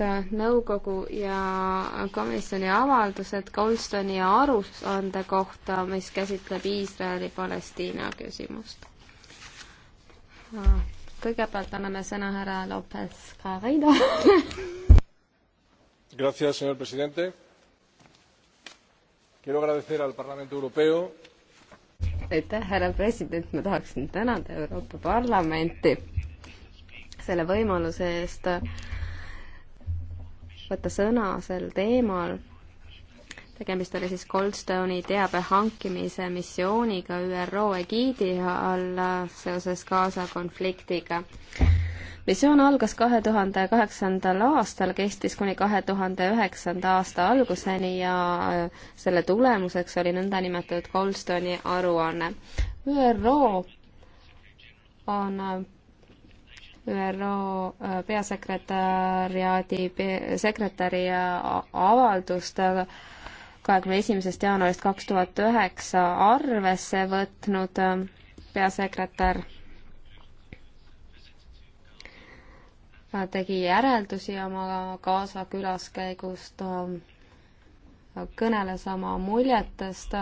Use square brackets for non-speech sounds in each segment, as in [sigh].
et äh, nõukogu ja komisjoni avaldused Goldstoni aruande kohta, mis käsitleb Iisraeli-Palestiina küsimust. Äh, kõigepealt anname sõna härra Lopez Garrido [laughs] Gracias, señor presidente. Quiero agradecer al Parlamento Europeo aitäh, härra president, ma tahaksin tänada Euroopa Parlamenti selle võimaluse eest võtta sõna sel teemal. tegemist oli siis Goldstone'i teabe hankimise missiooniga ÜRO egiidi all seoses Gaza konfliktiga. missioon algas kahe tuhande kaheksandal aastal, kestis kuni kahe tuhande üheksanda aasta alguseni ja äh, selle tulemuseks oli nõndanimetatud Goldstone'i aruanne. ÜRO on äh, ÜRO äh, peasekretäriaadi sekretäri äh, avaldust kahekümne esimesest jaanuarist kaks tuhat üheksa arvesse võtnud äh, peasekretär tegi järeldusi oma Gaza külaskäigust, kõneles oma muljetest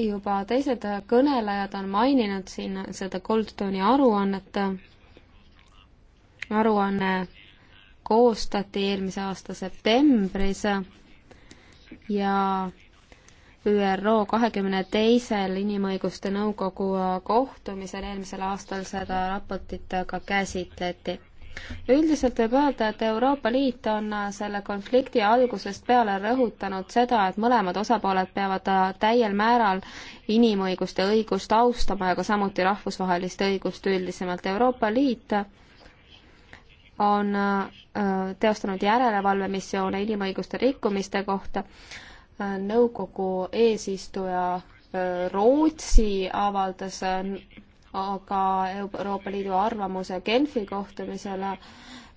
juba teised kõnelejad on maininud siin seda Goldstone'i aruannet. aruanne koostati eelmise aasta septembris ja ÜRO kahekümne teisel Inimõiguste Nõukogu kohtumisel eelmisel aastal seda raportit ka käsitleti üldiselt võib öelda, et Euroopa Liit on äh, selle konflikti algusest peale rõhutanud seda, et mõlemad osapooled peavad äh, täiel määral inimõiguste õigust austama ja ka samuti rahvusvahelist õigust üldisemalt. Euroopa Liit on äh, teostanud järelevalvemissioone inimõiguste rikkumiste kohta, nõukogu eesistuja Rootsi avaldas ka Euroopa Liidu arvamuse Genfi kohtumisele.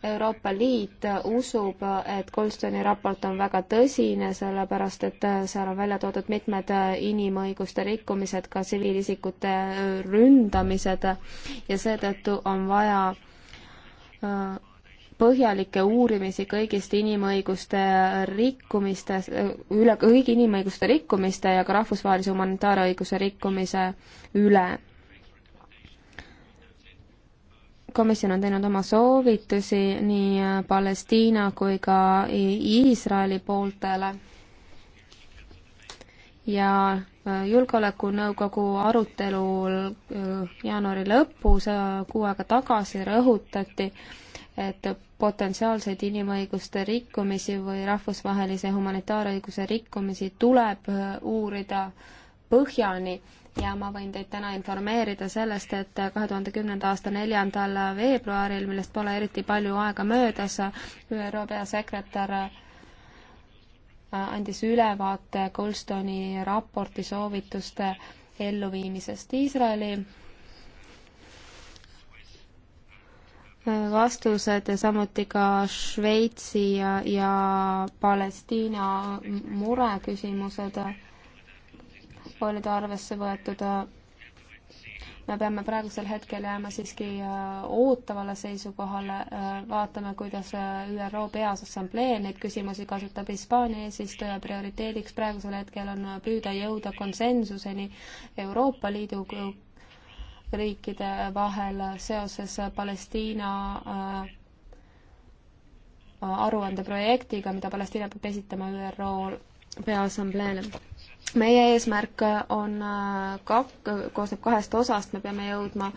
Euroopa Liit usub, et Goldstone'i raport on väga tõsine, sellepärast et seal on välja toodud mitmed inimõiguste rikkumised, ka tsiviilisikute ründamised ja seetõttu on vaja äh, põhjalikke uurimisi kõigist inimõiguste rikkumiste, üle kõigi inimõiguste rikkumiste ja ka rahvusvahelise humanitaarõiguse rikkumise üle komisjon on teinud oma soovitusi nii äh, Palestiina kui ka Iisraeli pooltele ja äh, Julgeolekunõukogu arutelul äh, jaanuari lõpus, kuu aega tagasi rõhutati, et potentsiaalseid inimõiguste rikkumisi või rahvusvahelise humanitaarõiguse rikkumisi tuleb uurida põhjani ja ma võin teid täna informeerida sellest, et kahe tuhande kümnenda aasta neljandal veebruaril, millest pole eriti palju aega möödas, ÜRO peasekretär äh, andis ülevaate Goldstone'i raporti soovituste elluviimisest Iisraeli vastused ja samuti ka Šveitsi ja, ja Palestiina mureküsimused paljud arvesse võetud. me peame praegusel hetkel jääma siiski äh, ootavale seisukohale, äh, vaatame, kuidas äh, ÜRO Peaassamblee neid küsimusi kasutab. Hispaania eesistuja prioriteediks praegusel hetkel on püüda jõuda konsensuseni Euroopa Liidu riikide vahel seoses Palestiina aruandeprojektiga, mida Palestiina peab esitama ÜRO Peaassambleele meie eesmärk on äh, kak-, koosneb kahest osast, me peame jõudma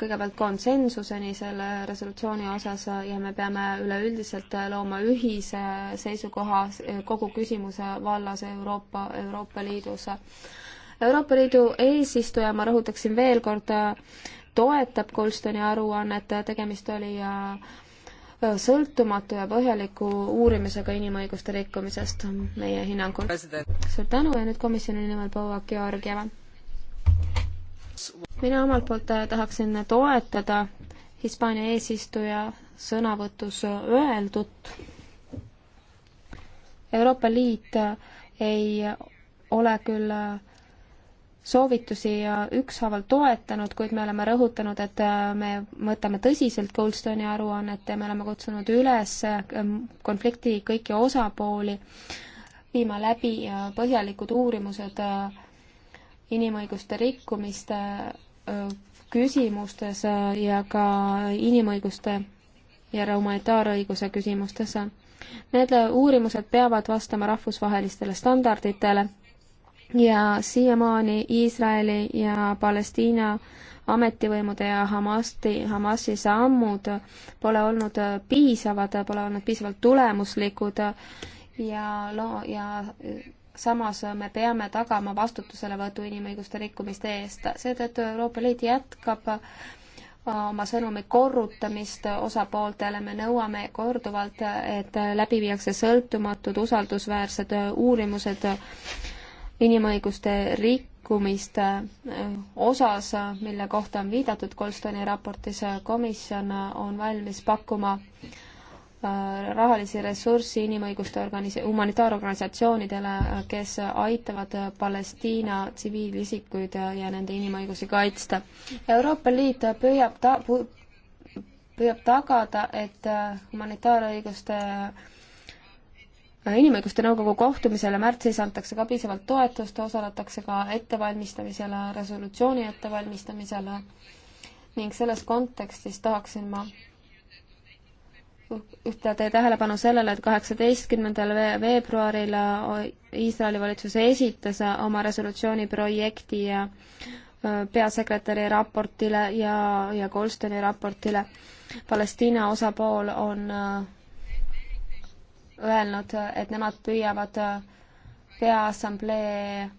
kõigepealt konsensuseni selle resolutsiooni osas ja me peame üleüldiselt looma ühise seisukoha kogu küsimuse vallas Euroopa, Euroopa Liidus. Euroopa Liidu eesistuja, ma rõhutaksin veel kord, toetab Goldstoni aruannet, tegemist oli äh, sõltumatu ja põhjaliku uurimisega inimõiguste rikkumisest meie hinnangul. suur tänu ja nüüd komisjoni nimel proua Georgieva. mina omalt poolt äh, tahaksin toetada Hispaania eesistuja sõnavõtus öeldut. Euroopa Liit äh, ei ole küll äh, soovitusi ükshaaval toetanud, kuid me oleme rõhutanud, et äh, me võtame tõsiselt Goldstone'i aruannet ja me oleme kutsunud üles äh, konflikti kõiki osapooli viima läbi äh, põhjalikud uurimused inimõiguste rikkumiste küsimustes ja ka inimõiguste ja humanitaarõiguse küsimustes. Need uurimused peavad vastama rahvusvahelistele standarditele ja siiamaani Iisraeli ja Palestiina ametivõimude ja Hamasti, Hamasi sammud pole olnud piisavad, pole olnud piisavalt tulemuslikud ja loo- ja äh, samas me peame tagama vastutuselevõtu inimõiguste rikkumiste eest. seetõttu Euroopa Liit jätkab äh, oma sõnumi korrutamist osapooltele, me nõuame korduvalt, et läbi viiakse sõltumatud usaldusväärsed äh, uurimused inimõiguste rikkumiste äh, osas, mille kohta on viidatud Goldsteini raportis, komisjon on valmis pakkuma äh, rahalisi ressurssi inimõiguste organis-, humanitaarorganisatsioonidele, kes aitavad Palestiina tsiviilisikuid ja nende inimõigusi kaitsta. Euroopa Liit püüab ta-, püüab tagada, et äh, humanitaarõiguste äh, Äh, inimõiguste nõukogu kohtumisele märtsis antakse ka piisavalt toetust, osaletakse ka ettevalmistamisele, resolutsiooni ettevalmistamisele ning selles kontekstis tahaksin ma juhtida teie tähelepanu sellele, et kaheksateistkümnendal veebruaril äh, Iisraeli valitsus esitas äh, oma resolutsiooni projekti ja peasekretäri raportile ja, ja Goldsteini raportile. Palestiina osapool on öelnud, et nemad püüavad äh, Peaassamblee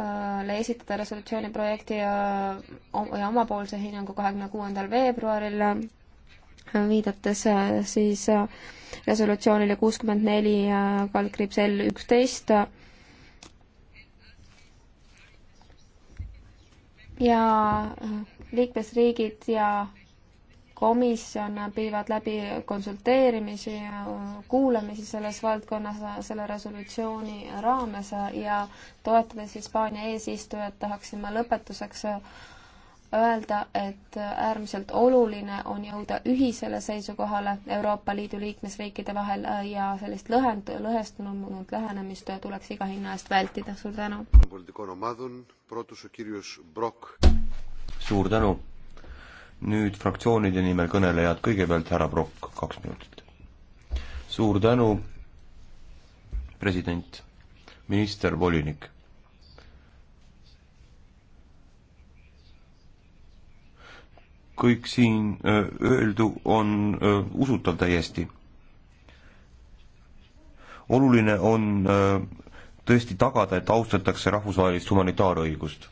äh, esitada resolutsiooni projekti ja, äh, ja omapoolse hinnangu kahekümne kuuendal veebruaril, viidates siis resolutsioonile kuuskümmend neli ja kaldkriips L üksteist. ja liikmesriigid ja komisjon viivad läbi konsulteerimisi, kuulamisi selles valdkonnas selle resolutsiooni raames ja toetades Hispaania eesistujat, tahaksin ma lõpetuseks öelda, et äärmiselt oluline on jõuda ühisele seisukohale Euroopa Liidu liikmesriikide vahel ja sellist lõhend, lõhestunud lähenemist tuleks iga hinna eest vältida. suur tänu! suur tänu! nüüd fraktsioonide nimel kõnelejad, kõigepealt härra Brock, kaks minutit. suur tänu, president, minister, volinik. kõik siin äh, öeldu on öö, äh, usutav täiesti. oluline on öö, äh, tõesti tagada, et austatakse rahvusvahelist humanitaarõigust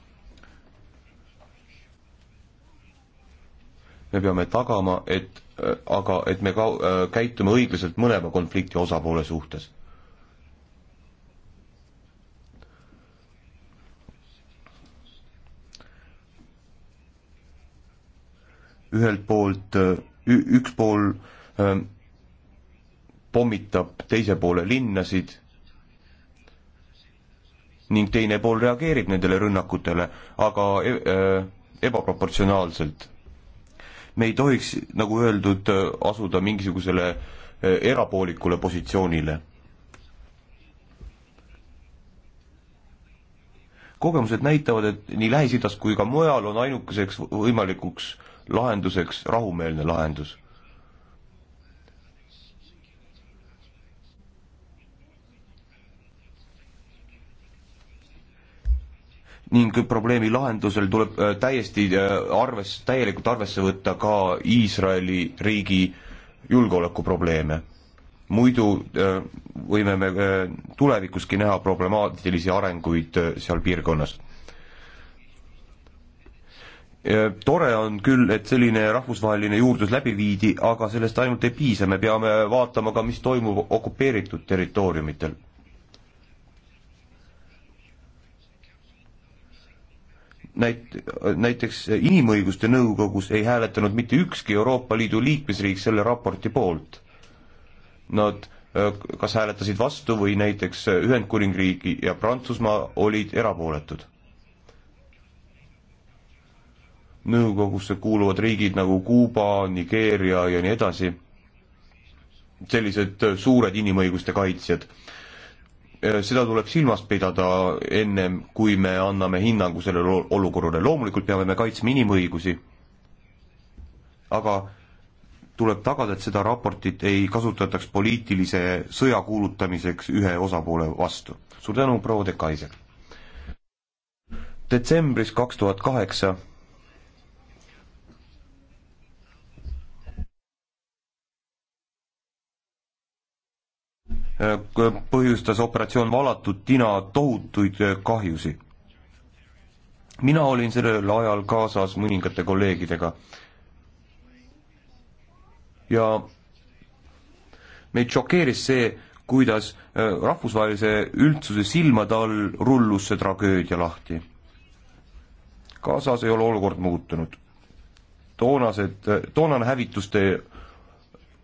me peame tagama, et äh, aga et me ka äh, käitume õiglaselt mõlema konflikti osapoole suhtes. ühelt poolt äh, üks pool ähm, pommitab teise poole linnasid ning teine pool reageerib nendele rünnakutele, aga e-, ebaproportsionaalselt me ei tohiks, nagu öeldud, asuda mingisugusele eh, erapoolikule positsioonile. kogemused näitavad, et nii Lähis-Idas kui ka mujal on ainukeseks võimalikuks lahenduseks rahumeelne lahendus ning probleemi lahendusel tuleb äh, täiesti äh, arves, täielikult arvesse võtta ka Iisraeli riigi julgeolekuprobleeme. muidu äh, võime me tulevikuski näha problemaatilisi arenguid seal piirkonnas. Tore on küll, et selline rahvusvaheline juurdlus läbi viidi, aga sellest ainult ei piisa, me peame vaatama ka, mis toimub okupeeritud territooriumitel näit-, näiteks Inimõiguste Nõukogus ei hääletanud mitte ükski Euroopa Liidu liikmesriik selle raporti poolt. Nad äh, kas hääletasid vastu või näiteks Ühendkuningriigi ja Prantsusmaa olid erapooletud. nõukogusse kuuluvad riigid nagu Kuuba, Nigeeria ja nii edasi, sellised äh, suured inimõiguste kaitsjad Äh, seda tuleb silmas pidada ennem, kui me anname hinnangu sellele olukorrale, loomulikult peame me kaitsma inimõigusi, aga tuleb tagada, et seda raportit ei kasutataks poliitilise sõja kuulutamiseks ühe osapoole vastu. suur tänu, proua De Kaiser! detsembris kaks tuhat kaheksa Äh, põhjustas operatsioon Valatud tina tohutuid äh, kahjusi. mina olin sellel ajal kaasas mõningate kolleegidega ja meid šokeeris see, kuidas äh, rahvusvahelise üldsuse silmade all rullus see tragöödia lahti. Gazas ei ole olukord muutunud. toonased, toonane hävituste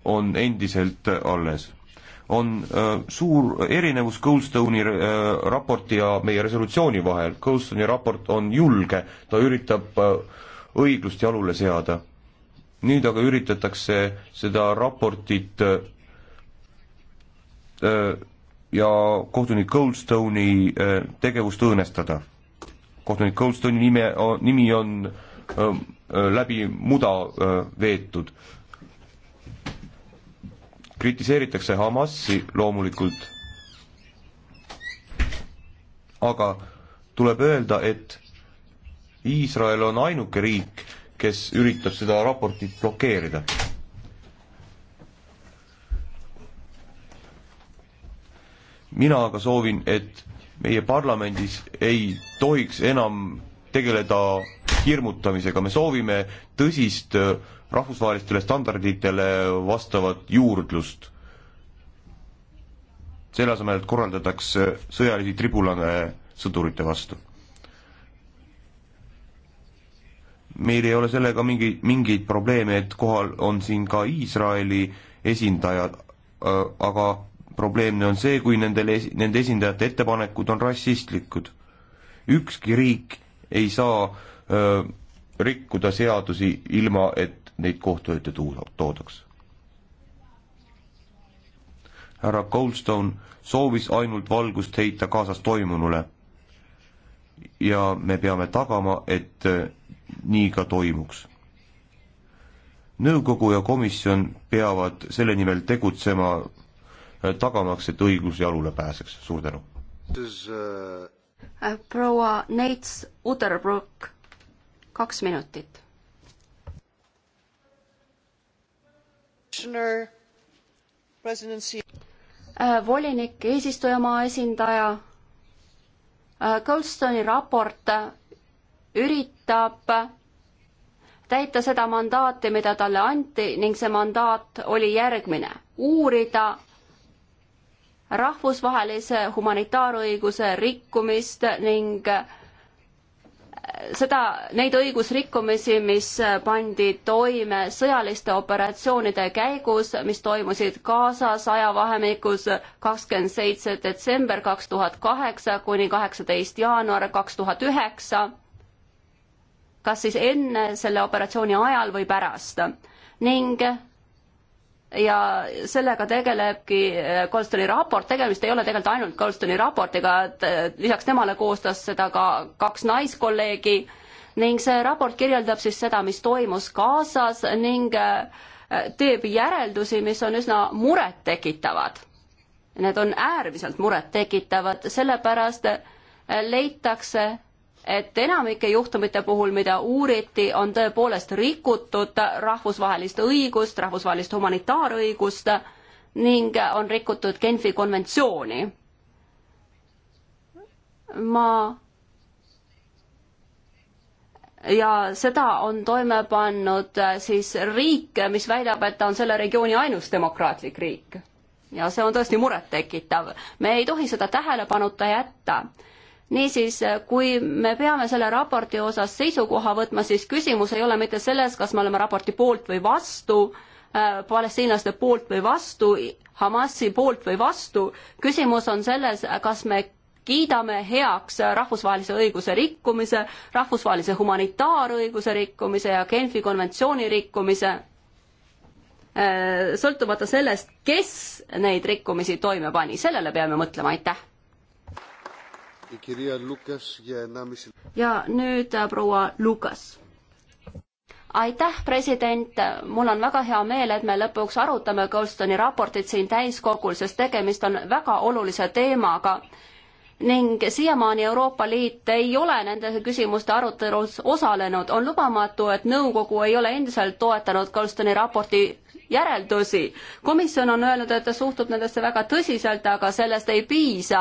on endiselt alles on äh, suur erinevus Goldstone'i äh, raporti ja meie resolutsiooni vahel. Goldstone'i raport on julge, ta üritab äh, õiglust jalule seada. nüüd aga üritatakse seda raportit äh, äh ja kohtunik Goldstone'i äh, tegevust õõnestada. kohtunik Goldstone'i nime, nimi on äh, äh läbi muda äh, veetud kritiseeritakse Hamasi loomulikult, aga tuleb öelda, et Iisrael on ainuke riik, kes üritab seda raportit blokeerida. mina aga soovin, et meie parlamendis ei tohiks enam tegeleda hirmutamisega, me soovime tõsist äh, rahvusvahelistele standarditele vastavat juurdlust. selle asemel, et korraldatakse sõjalisi tribulane sõdurite vastu. meil ei ole sellega mingi, mingeid probleeme, et kohal on siin ka Iisraeli esindajad, aga probleemne on see, kui nendele, nende esindajate ettepanekud on rassistlikud. ükski riik ei saa öö, rikkuda seadusi ilma, et neid kohtu ette toodaks. härra Goldstone soovis ainult valgust heita kaasas toimunule ja me peame tagama, et äh, nii ka toimuks. nõukogu ja komisjon peavad selle nimel tegutsema, äh, tagamaks, et õiglus jalule pääseks, suur tänu. Äh, proua Neits Uderbrook, kaks minutit Äh, volinik, eesistujamaa esindaja, äh, Goldstone'i raport üritab täita seda mandaati, mida talle anti ning see mandaat oli järgmine, uurida rahvusvahelise humanitaarõiguse rikkumist ning äh, seda, neid õigusrikkumisi, mis pandi toime sõjaliste operatsioonide käigus, mis toimusid Gazas ajavahemikus kakskümmend seitse detsember kaks tuhat kaheksa kuni kaheksateist jaanuar kaks tuhat üheksa, kas siis enne selle operatsiooni ajal või pärast ning ja sellega tegelebki äh, Goldstone'i raport, tegemist ei ole tegelikult ainult Goldstone'i raportiga, et äh, lisaks temale koostas seda ka kaks naiskolleegi ning see raport kirjeldab siis seda, mis toimus Gazas ning äh, teeb järeldusi, mis on üsna murettekitavad. Need on äärmiselt murettekitavad, sellepärast leitakse, et enamike juhtumite puhul, mida uuriti, on tõepoolest rikutud rahvusvahelist õigust, rahvusvahelist humanitaarõigust ning on rikutud Genfi konventsiooni. ma ja seda on toime pannud äh, siis riik, mis väidab, et ta on selle regiooni ainus demokraatlik riik. ja see on tõesti murettekitav. me ei tohi seda tähelepanuta jätta niisiis, kui me peame selle raporti osas seisukoha võtma, siis küsimus ei ole mitte selles, kas me oleme raporti poolt või vastu äh,, palestiinlaste poolt või vastu, Hamasi poolt või vastu, küsimus on selles, kas me kiidame heaks rahvusvahelise õiguse rikkumise, rahvusvahelise humanitaarõiguse rikkumise ja Genfi konventsiooni rikkumise, äh, sõltumata sellest, kes neid rikkumisi toime pani, sellele peame mõtlema, aitäh! ja nüüd äh, proua Lukas. aitäh, president, mul on väga hea meel, et me lõpuks arutame Goldstone'i raportit siin täiskogul, sest tegemist on väga olulise teemaga ning siiamaani Euroopa Liit ei ole nende küsimuste arutelus osalenud. on lubamatu, et nõukogu ei ole endiselt toetanud Goldstone'i raporti järeldusi. komisjon on öelnud, et ta suhtub nendesse väga tõsiselt, aga sellest ei piisa.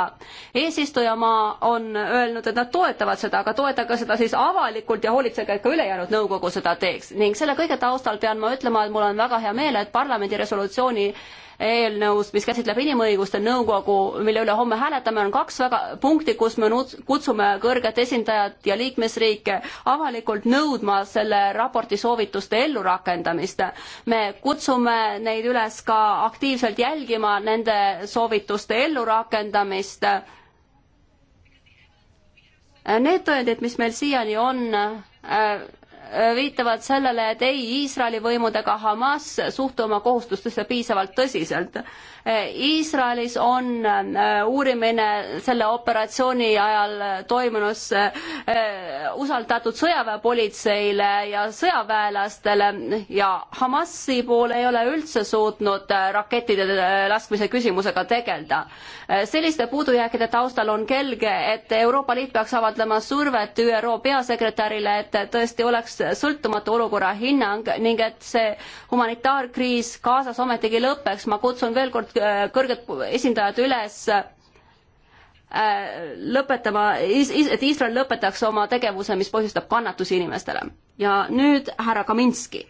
eesistujamaa on öelnud, et nad toetavad seda, aga toetage seda siis avalikult ja hoolitsege, et ka ülejäänud nõukogu seda teeks. ning selle kõige taustal pean ma ütlema, et mul on väga hea meel, et parlamendi resolutsiooni eelnõus, mis käsitleb Inimõiguste Nõukogu, mille üle homme hääletame, on kaks väga punkti, kus me kutsume kõrget esindajat ja liikmesriike avalikult nõudma selle raporti soovituste ellurakendamist. me kutsume neid üles ka aktiivselt jälgima nende soovituste ellurakendamist. Need tõendid, mis meil siiani on, äh, Äh, viitavad sellele, et ei Iisraeli võimud ega Hamas suhtu oma kohustustesse piisavalt tõsiselt. Äh, Iisraelis on äh, uurimine selle operatsiooni ajal toimunus usaldatud sõjaväepolitseile ja sõjaväelastele ja Hamasi pool ei ole üldse suutnud rakettide laskmise küsimusega tegeleda. selliste puudujääkide taustal on kelge, et Euroopa Liit peaks avaldama survet ÜRO peasekretärile, et tõesti oleks sõltumatu olukorra hinnang ning et see humanitaarkriis Gazas ometigi lõpeks. ma kutsun veel kord äh, kõrged esindajad üles äh, lõpetama, et Iisrael lõpetaks oma tegevuse, mis põhjustab kannatusi inimestele. ja nüüd härra Kaminski.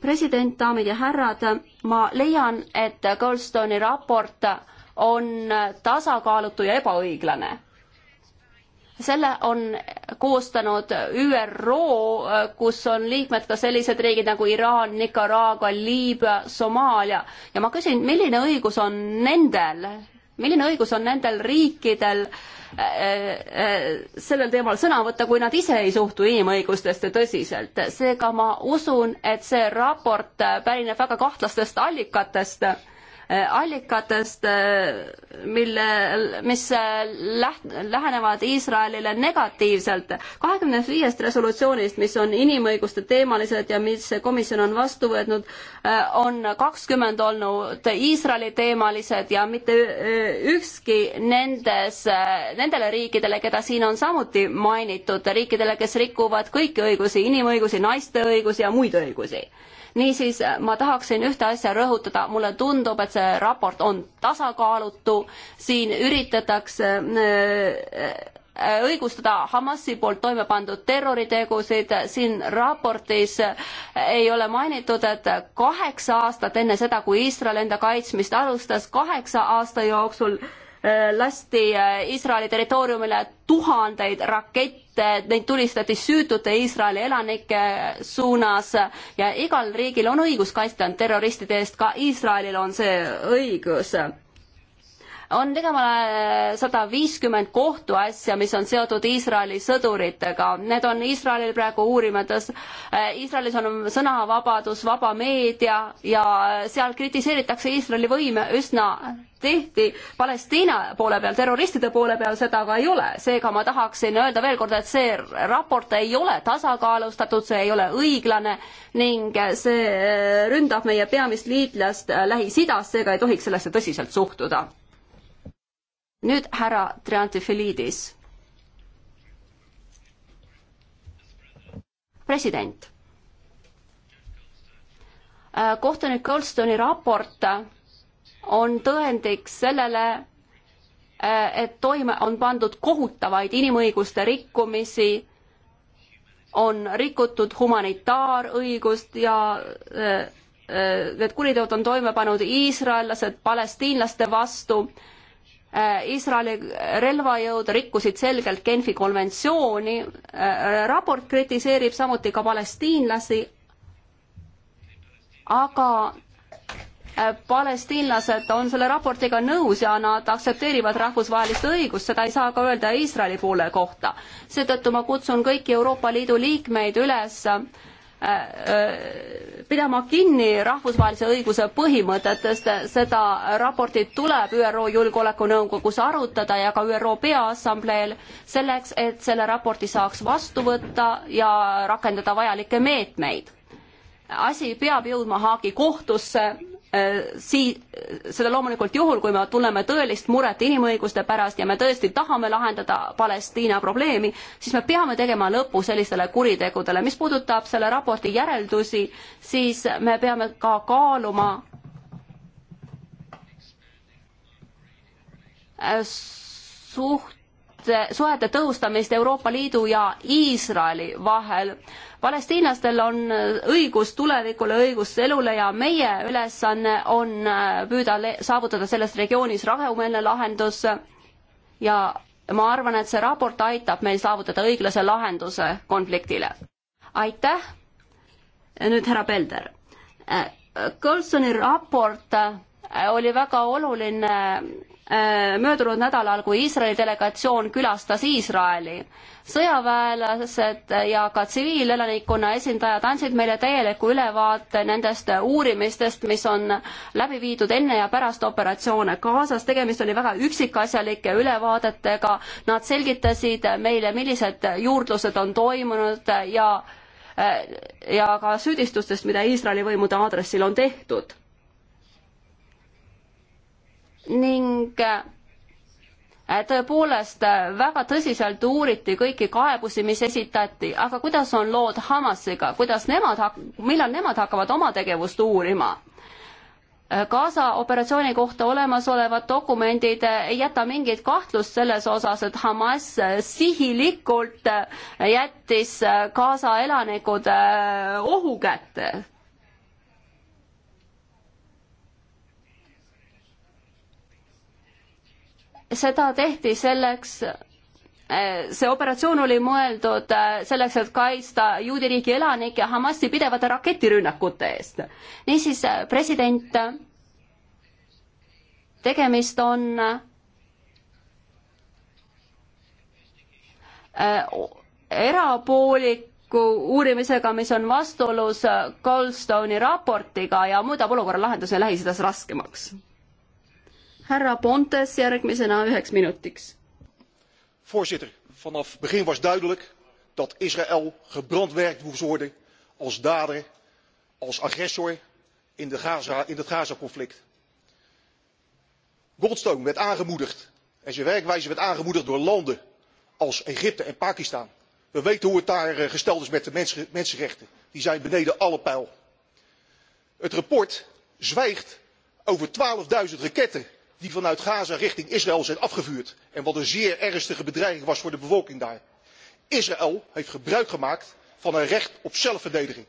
president, daamid ja härrad, ma leian, et Goldstone'i raport on tasakaalutu ja ebaõiglane selle on koostanud ÜRO, kus on liikmed ka sellised riigid nagu Iraan, Nicaragua, Liibüa, Somaalia ja ma küsin, milline õigus on nendel, milline õigus on nendel riikidel äh, äh, sellel teemal sõna võtta, kui nad ise ei suhtu inimõigustesse tõsiselt. seega ma usun, et see raport pärineb väga kahtlastest allikatest Äh, allikatest, äh, mille, mis äh, läht-, lähenevad Iisraelile negatiivselt. kahekümnest viiest resolutsioonist, mis on inimõiguste teemalised ja mis komisjon on vastu võtnud, on kakskümmend olnud Iisraeli teemalised ja mitte ükski nendes, nendele riikidele, keda siin on samuti mainitud, riikidele, kes rikuvad kõiki õigusi, inimõigusi, naiste õigusi ja muid õigusi niisiis ma tahaksin ühte asja rõhutada, mulle tundub, et see raport on tasakaalutu, siin üritatakse äh, õigustada Hamasi poolt toime pandud terroritegusid, siin raportis ei ole mainitud, et kaheksa aastat enne seda, kui Iisrael enda kaitsmist alustas, kaheksa aasta jooksul Äh, lasti äh, Iisraeli territooriumile tuhandeid rakette, neid tulistati süütute Iisraeli elanike suunas ja igal riigil on õigus kaitsta end terroristide eest, ka Iisraelil on see õigus on ligemale sada viiskümmend kohtuasja, mis on seotud Iisraeli sõduritega. Need on Iisraelil praegu uurimates, äh, Iisraelis on sõnavabadus, vaba meedia ja äh, seal kritiseeritakse Iisraeli võime üsna tihti Palestiina poole peal, terroristide poole peal seda aga ei ole. seega ma tahaksin öelda veel kord, et see raport ei ole tasakaalustatud, see ei ole õiglane ning see äh, ründab meie peamist liitlast Lähis-Idas, seega ei tohiks sellesse tõsiselt suhtuda nüüd härra Triantifilidis. president. Äh, kohtunik Goldstone'i raport on tõendiks sellele, äh, et toime on pandud kohutavaid inimõiguste rikkumisi, on rikutud humanitaarõigust ja äh, need kuriteod on toime pannud iisraellased palestiinlaste vastu Äh, Iisraeli relvajõud rikkusid selgelt Genfi konventsiooni, äh, raport kritiseerib samuti ka palestiinlasi, aga äh, palestiinlased on selle raportiga nõus ja nad aktsepteerivad rahvusvahelist õigust, seda ei saa ka öelda Iisraeli poole kohta. seetõttu ma kutsun kõiki Euroopa Liidu liikmeid üles äh, pidama kinni rahvusvahelise õiguse põhimõtetest, seda raportit tuleb ÜRO Julgeolekunõukogus arutada ja ka ÜRO Peaassambleel, selleks et selle raporti saaks vastu võtta ja rakendada vajalikke meetmeid. asi peab jõudma Haagi kohtusse Äh, sii-, seda loomulikult juhul, kui me tunneme tõelist muret inimõiguste pärast ja me tõesti tahame lahendada Palestiina probleemi, siis me peame tegema lõpu sellistele kuritegudele. mis puudutab selle raporti järeldusi, siis me peame ka kaaluma äh, suht-, suhete tõhustamist Euroopa Liidu ja Iisraeli vahel. palestiinlastel on õigus tulevikule, õigus elule ja meie ülesanne on äh, püüda saavutada selles regioonis rahumeelne lahendus ja ma arvan, et see raport aitab meil saavutada õiglase lahenduse konfliktile. aitäh, nüüd härra Pelder. Kõlsoni äh, raport äh, oli väga oluline Äh, möödunud nädalal, kui Iisraeli delegatsioon külastas Iisraeli. sõjaväelased ja ka tsiviilelanikkonna esindajad andsid meile täieliku ülevaate nendest uurimistest, mis on läbi viidud enne ja pärast operatsioone Gazas. tegemist oli väga üksikasjalike ülevaadetega. Nad selgitasid meile, millised juurdlused on toimunud ja äh, ja ka süüdistustest, mida Iisraeli võimude aadressil on tehtud ning äh, tõepoolest äh, väga tõsiselt uuriti kõiki kaebusi, mis esitati, aga kuidas on lood Hamasiga, kuidas nemad, millal nemad hakkavad oma tegevust uurima? Äh, Gaza operatsiooni kohta olemasolevad dokumendid ei jäta mingit kahtlust selles osas, et Hamas sihilikult jättis Gaza elanikud ohu kätte seda tehti selleks, eh, see operatsioon oli mõeldud eh, selleks, et kaitsta juudi riigi elanikke Hamasi pidevate raketirünnakute eest. niisiis, eh, president, tegemist on erapooliku uurimisega, mis on vastuolus Goldstone'i raportiga ja muudab olukorra lahenduse Lähis-Idas raskemaks härra Pontes järgmisena üheks minutiks. voorzitter, vanaf begin was duidelijk dat Israël gebrandwerkt moest worden als dader, als agressor in, de Gaza, in het Gaza-conflict. Goldstone werd aangemoedigd en zijn werkwijze werd aangemoedigd door landen als Egypte en Pakistan. We weten hoe het daar eh, gesteld is met de mens, mensenrechten. Die zijn beneden alle pijl. Het rapport zwijgt over 12.000 raketten die vanuit gaza richting israël zijn afgevuurd en wat een zeer ernstige bedreiging was voor de bevolking daar. israël heeft gebruikgemaakt van haar recht op zelfverdediging.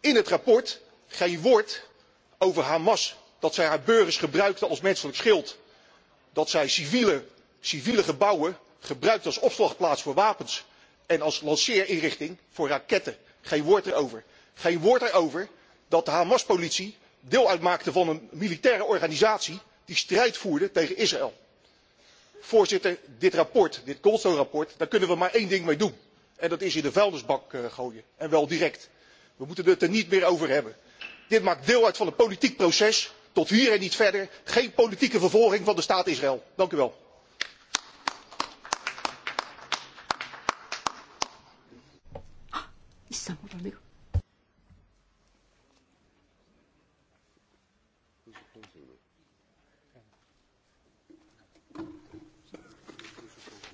in het verslag geen woord over hamas dat haar burgers gebruikte als menselijk schild dat civiele gebouwen gebruikte als opslagplaats voor wapens en als lanceerinrichting voor raketten. geen woord erover. geen woord erover dat de hamas politie deel uitmaakte van een militaire organisatie die strijd voerden tegen israël. voorzitter dit verslag dit goldstone verslag daar kunnen we maar één ding mee doen en dat is in de vuilnisbak eh, gooien en wel direct. we moeten het er niet meer over hebben. dit maakt deel uit van een politiek proces tot hier en niet verder geen politieke vervolging van de staat israël. dank u wel. Ah,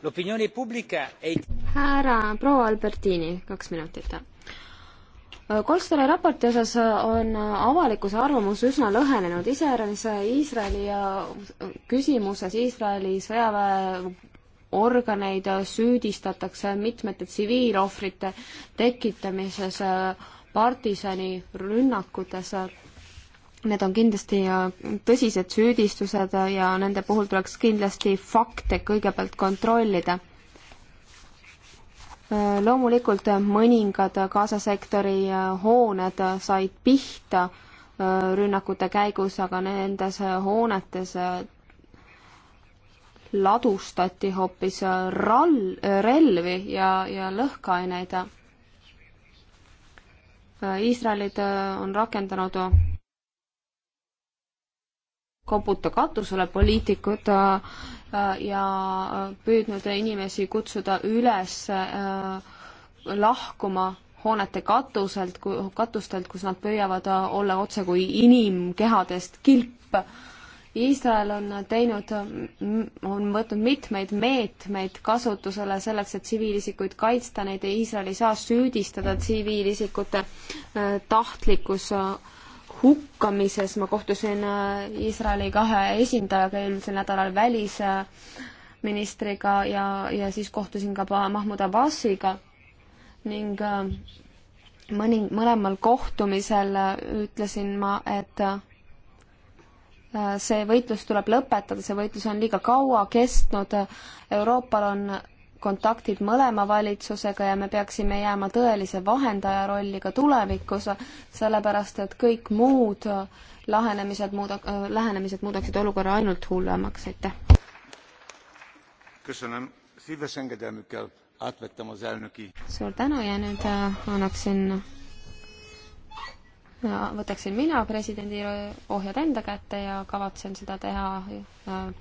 l'opinione pubblica ei... härra proua Albertini, kaks minutit. Kolstari raporti osas on avalikkuse arvamus üsna lõhenenud, iseäranis Iisraeli küsimuses Iisraeli sõjaväe organeid süüdistatakse mitmete tsiviilohvrite tekitamises partisani rünnakutes Need on kindlasti äh, tõsised süüdistused äh, ja nende puhul tuleks kindlasti fakte kõigepealt kontrollida. Äh, loomulikult mõningad Gaza sektori hooned said pihta rünnakute käigus, aga nendes hoonetes ladustati hoopis rall, relvi ja, ja lõhkeaineid. Iisraelid on rakendanud koputa katusele poliitikud äh, äh, ja äh, püüdnud inimesi kutsuda üles lahkuma hoonete katuselt, katustelt, kus nad püüavad olla otse kui inimkehadest kilp. Iisrael on teinud, on võtnud mitmeid meetmeid kasutusele selleks, et tsiviilisikuid kaitsta, neid Iisrael ei saa süüdistada tsiviilisikute tahtlikus äh, hukkamises, ma kohtusin äh, Iisraeli kahe esindajaga eelmisel nädalal välisministriga ja, ja siis kohtusin ka Mahmud Abbasiga ning äh, mõni, mõlemal kohtumisel äh, ütlesin ma, et see võitlus tuleb lõpetada, see võitlus on liiga kaua kestnud, Euroopal on kontaktid mõlema valitsusega ja me peaksime jääma tõelise vahendaja rolli ka tulevikus, sellepärast et kõik muud lahenemised muuda-, lähenemised muudaksid olukorra ainult hullemaks, aitäh. suur tänu ja nüüd äh, annaksin, võtaksin mina presidendi ohjad enda kätte ja kavatsen seda teha äh,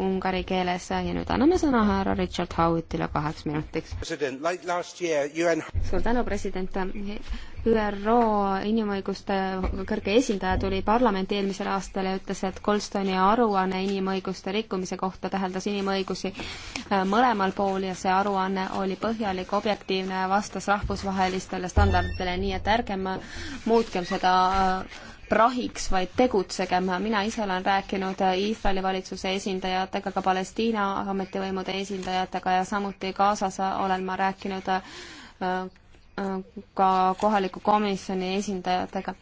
ungari keeles ja nüüd anname sõna härra Richard Howitile kaheks minutiks. suur tänu, president. ÜRO inimõiguste kõrge esindaja tuli parlamenti eelmisel aastal ja ütles, et Goldstone'i aruanne inimõiguste rikkumise kohta täheldas inimõigusi äh, mõlemal pool ja see aruanne oli põhjalik, objektiivne ja vastas rahvusvahelistele standarditele, nii et ärgem muutkem seda äh, prahiks, vaid tegutsegem. mina ise olen rääkinud äh, Iisraeli valitsuse esindajatega, ka Palestiina ametivõimude esindajatega ja samuti Gazas olen ma rääkinud äh, ka kohaliku komisjoni esindajatega.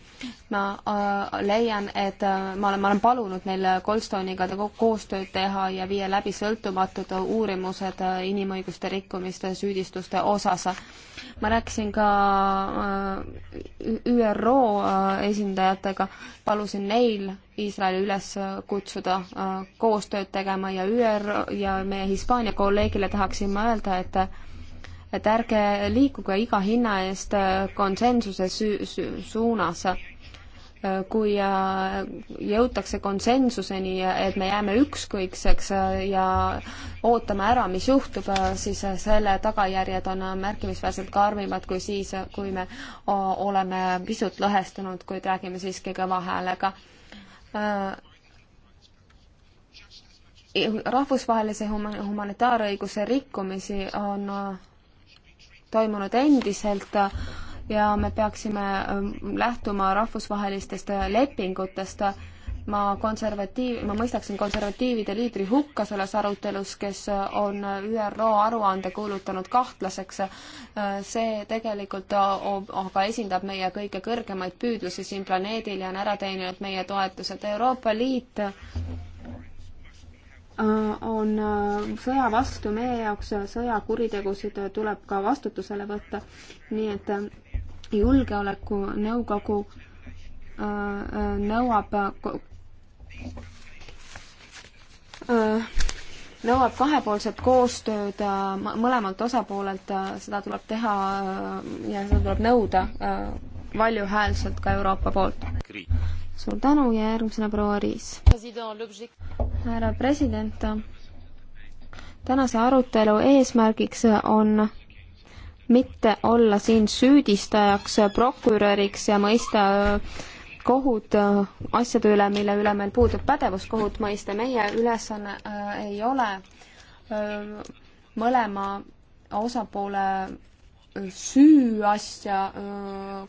ma äh, leian, et äh, ma olen, ma olen palunud neil Goldstone'iga koostööd teha ja viia läbi sõltumatud uurimused äh, inimõiguste rikkumiste süüdistuste osas. ma rääkisin ka äh, ÜRO äh, esindajatega, palusin neil Iisraeli üles kutsuda äh, koostööd tegema ja ÜRO ja meie Hispaania kolleegile tahaksin ma öelda, et et ärge liikuge iga hinna eest äh, konsensuse suunas. Äh, kui äh, jõutakse konsensuseni, et me jääme ükskõikseks ja ootame ära, mis juhtub, siis selle tagajärjed on märkimisväärselt karmimad kui siis, kui me oleme pisut lõhestunud, kuid räägime siiski kõva häälega rahvusvahelise humanitaarõiguse rikkumisi on toimunud endiselt ja me peaksime ähm, lähtuma rahvusvahelistest äh, lepingutest. ma konservatiiv, ma mõistaksin konservatiivide liidri hukka selles arutelus, kes äh, on äh, ÜRO aruande kuulutanud kahtlaseks. see tegelikult aga esindab meie kõige kõrgemaid püüdlusi siin planeedil ja on ära teeninud meie toetused. Euroopa Liit Äh, on äh, sõja vastu meie jaoks, äh, sõjakuritegusid tuleb ka vastutusele võtta, nii et julgeolekunõukogu nõuab nõuab kahepoolset koostööd mõlemalt osapoolelt, seda tuleb teha ja seda tuleb nõuda valjuhäälselt ka Euroopa poolt suur tänu ja järgmisena proua Riis. härra president, tänase arutelu eesmärgiks on mitte olla siin süüdistajaks, prokuröriks ja mõista kohut asjade üle, mille üle meil puudub pädevus kohut mõista, meie ülesanne äh, ei ole äh, mõlema osapoole süüasja äh,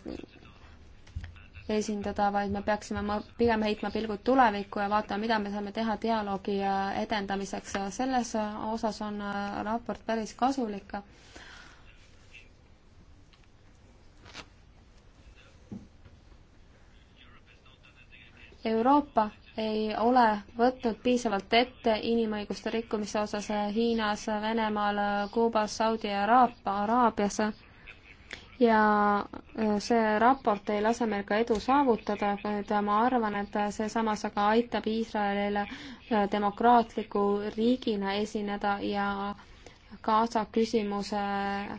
esindada, vaid me peaksime pigem heitma pilgud tulevikku ja vaatama, mida me saame teha dialoogi äh, edendamiseks. selles äh, osas on äh, raport päris kasulik. Euroopa ei ole võtnud piisavalt ette inimõiguste rikkumise osas Hiinas, Venemaal, Kuubas, Saudi Araabias ja äh, see raport ei lase meil ka edu saavutada, kuid ma arvan, et see samas aga aitab Iisraelile äh, demokraatliku riigina esineda ja Gaza küsimusele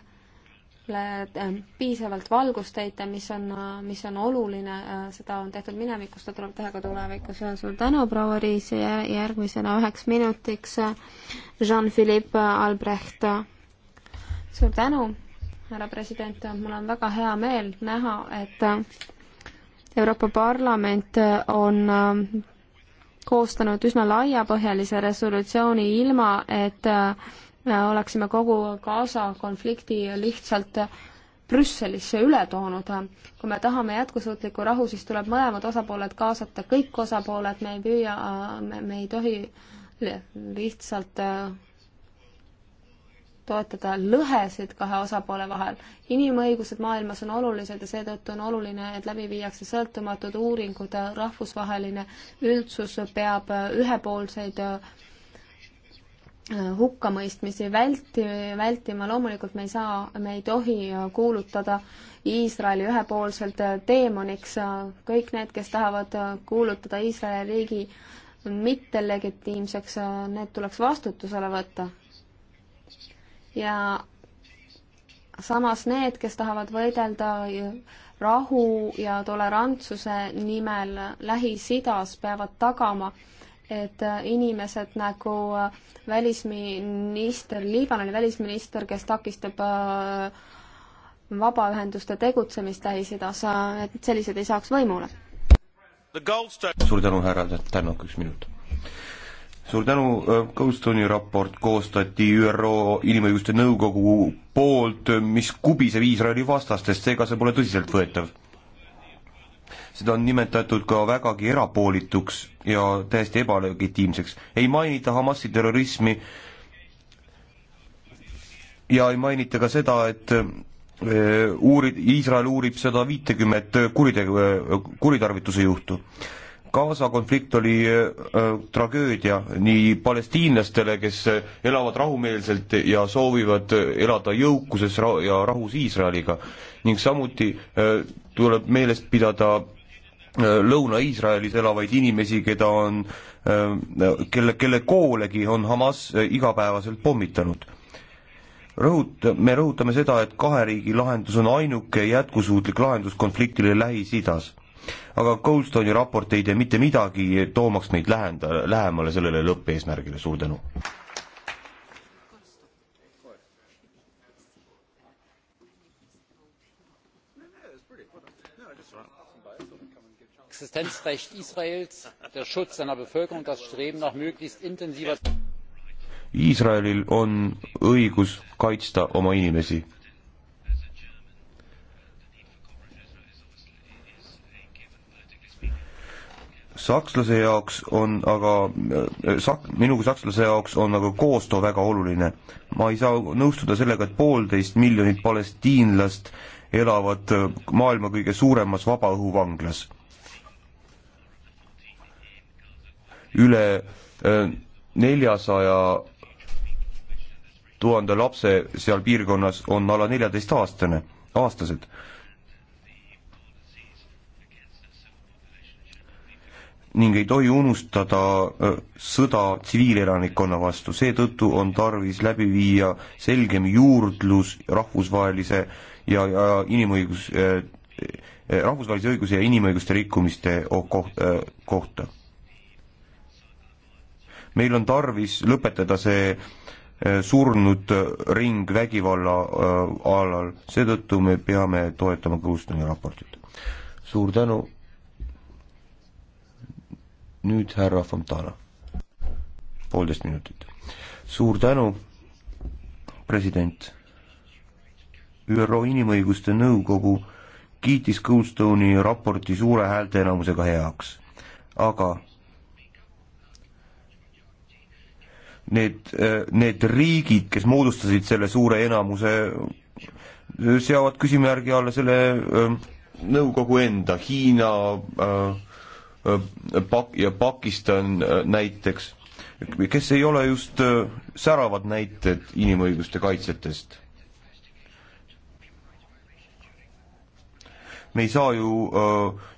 äh, piisavalt valgust heita, mis on, mis on oluline, seda on tehtud minevikus, seda tuleb teha ka tulevikus. suur tänu, proua Riis, ja järgmisena üheks minutiks Jean-Philippe Albrecht. suur tänu härra president, mul on väga hea meel näha, et äh, Euroopa Parlament äh, on äh, koostanud üsna laiapõhjalise resolutsiooni ilma, et oleksime kogu Gaza konflikti lihtsalt Brüsselisse üle toonud. kui me tahame jätkusuutlikku rahu, siis tuleb mõlemad osapooled kaasata, kõik osapooled, me ei püüa, me ei tohi lihtsalt toetada lõhesid kahe osapoole vahel. inimõigused maailmas on olulised ja seetõttu on oluline, et läbi viiakse sõltumatud uuringud, rahvusvaheline üldsus peab ühepoolseid äh, hukkamõistmisi välti, vältima, loomulikult me ei saa, me ei tohi kuulutada Iisraeli ühepoolselt äh, teemoniks, kõik need, kes tahavad äh, kuulutada Iisraeli riigi mittelegitiimseks, need tuleks vastutusele võtta ja samas need, kes tahavad võidelda rahu ja tolerantsuse nimel Lähis-Idas, peavad tagama, et inimesed nagu välisminister, Liibanoni välisminister, kes takistab äh, vabaühenduste tegutsemist Lähis-Idas, äh, et sellised ei saaks võimule. suur tänu, härra Tänok, üks minut suur tänu, äh, Goldstone'i raport koostati ÜRO Inimõiguste Nõukogu poolt, äh, mis kubiseb Iisraeli vastastest, seega see pole tõsiseltvõetav. seda on nimetatud ka vägagi erapoolituks ja täiesti ebalegitiimseks. ei mainita Hamasi terrorismi ja ei mainita ka seda, et äh, uurid, Iisrael uurib sada viitekümmet kuritegu, kuritarvituse juhtu. Gaza konflikt oli äh, äh, tragöödia nii palestiinlastele, kes äh, elavad rahumeelselt ja soovivad äh, elada jõukuses ra ja rahus Iisraeliga ning samuti äh, tuleb meeles pidada äh, Lõuna-Iisraelis elavaid inimesi, keda on äh,, kelle, kelle koolegi on Hamas igapäevaselt pommitanud rõhut-, me rõhutame seda, et kahe riigi lahendus on ainuke jätkusuutlik lahendus konfliktile Lähis-Idas aga Goldstone'i raport ei tee mitte midagi, toomaks meid lähenda, lähemale sellele lõppeesmärgile, suur tänu. existenzrecht israels der schutz seiner bevölkerung das streben nach möglichst intensiver Iisraelil on õigus kaitsta oma inimesi sakslase jaoks on aga äh,, sak-, minu kui sakslase jaoks on aga koostöö väga oluline. ma ei saa nõustuda sellega, et poolteist miljonit palestiinlast elavad äh, maailma kõige suuremas vabaõhuvanglas. üle äh, neljasaja tuhande lapse seal piirkonnas on alla neljateistaastane, aastased ning ei tohi unustada sõda tsiviilelanikkonna vastu, seetõttu on tarvis läbi viia selgem juurdlus rahvusvahelise ja, ja inimõigus eh,, rahvusvahelise õiguse ja inimõiguste rikkumiste koht, eh, kohta. meil on tarvis lõpetada see surnud ring vägivalla alal, seetõttu me peame toetama Kruusnõmme raportit. suur tänu nüüd härra Fontana. poolteist minutit. suur tänu, president. ÜRO Inimõiguste Nõukogu kiitis Goldstone'i raporti suure häälteenamusega heaks, aga need, need riigid, kes moodustasid selle suure enamuse, seavad küsimärgi alla selle äh, nõukogu enda, Hiina äh,, Pak- ja Pakistan näiteks, kes ei ole just säravad näited inimõiguste kaitsjatest. me ei saa ju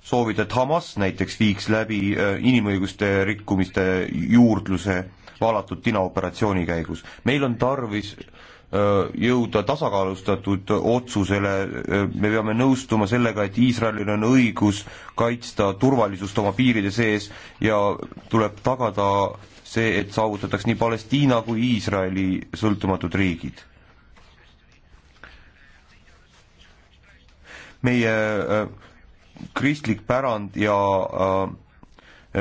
soovida, et Hamas näiteks viiks läbi inimõiguste rikkumiste juurdluse valatud tinaoperatsiooni käigus. meil on tarvis äh, Äh, jõuda tasakaalustatud otsusele, äh, me peame nõustuma sellega, et Iisraelil on õigus kaitsta turvalisust oma piiride sees ja tuleb tagada see, et saavutataks nii Palestiina kui Iisraeli sõltumatud riigid. meie äh, kristlik pärand ja äh,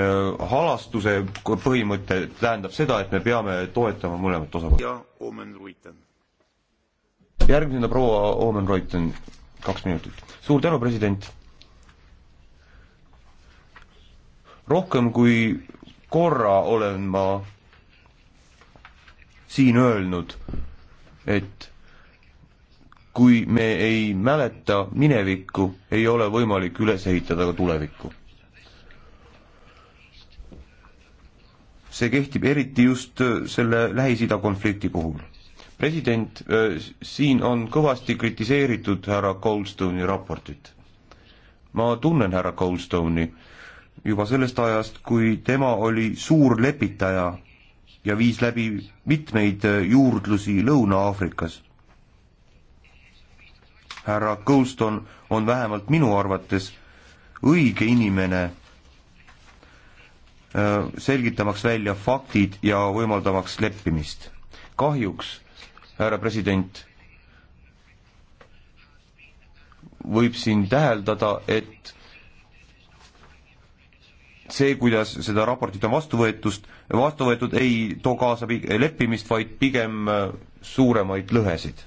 äh halastuse põhimõte tähendab seda, et me peame toetama mõlemat osapoolt järgmine proua Omen-Reuten, kaks minutit. suur tänu, president! rohkem kui korra olen ma siin öelnud, et kui me ei mäleta minevikku, ei ole võimalik üles ehitada ka tulevikku. see kehtib eriti just selle Lähis-Ida konflikti puhul president, siin on kõvasti kritiseeritud härra Goldstone'i raportit. ma tunnen härra Goldstone'i juba sellest ajast, kui tema oli suur lepitaja ja viis läbi mitmeid juurdlusi Lõuna-Aafrikas. härra Goldstone on vähemalt minu arvates õige inimene selgitamaks välja faktid ja võimaldamaks leppimist. kahjuks härra president, võib siin täheldada, et see, kuidas seda raportit on vastu võetust, vastu võetud, ei too kaasa leppimist, vaid pigem äh, suuremaid lõhesid.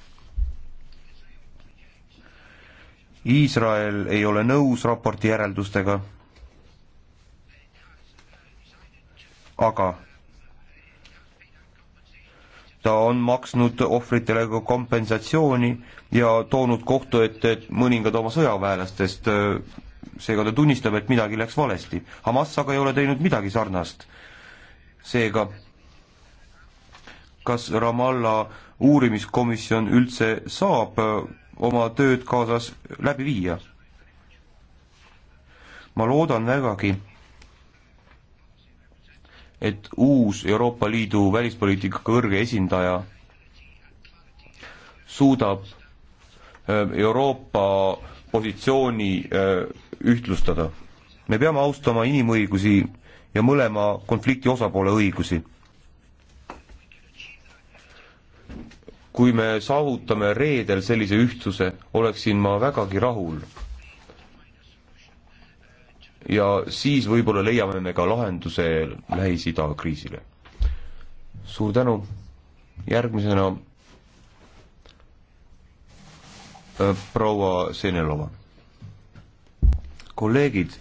Iisrael ei ole nõus raporti järeldustega, aga ta on maksnud ohvritele ka kompensatsiooni ja toonud kohtu ette mõningad oma sõjaväelastest, äh, seega ta tunnistab, et midagi läks valesti. Hamas aga ei ole teinud midagi sarnast. seega kas Ramallah uurimiskomisjon üldse saab äh, oma tööd kaasas läbi viia? ma loodan vägagi, et uus Euroopa Liidu välispoliitika kõrge esindaja suudab äh, Euroopa positsiooni äh, ühtlustada. me peame austama inimõigusi ja mõlema konflikti osapoole õigusi. kui me saavutame reedel sellise ühtsuse, oleksin ma vägagi rahul ja siis võib-olla leiame me ka lahenduse Lähis-Ida kriisile. suur tänu, järgmisena äh, proua Senelova. kolleegid,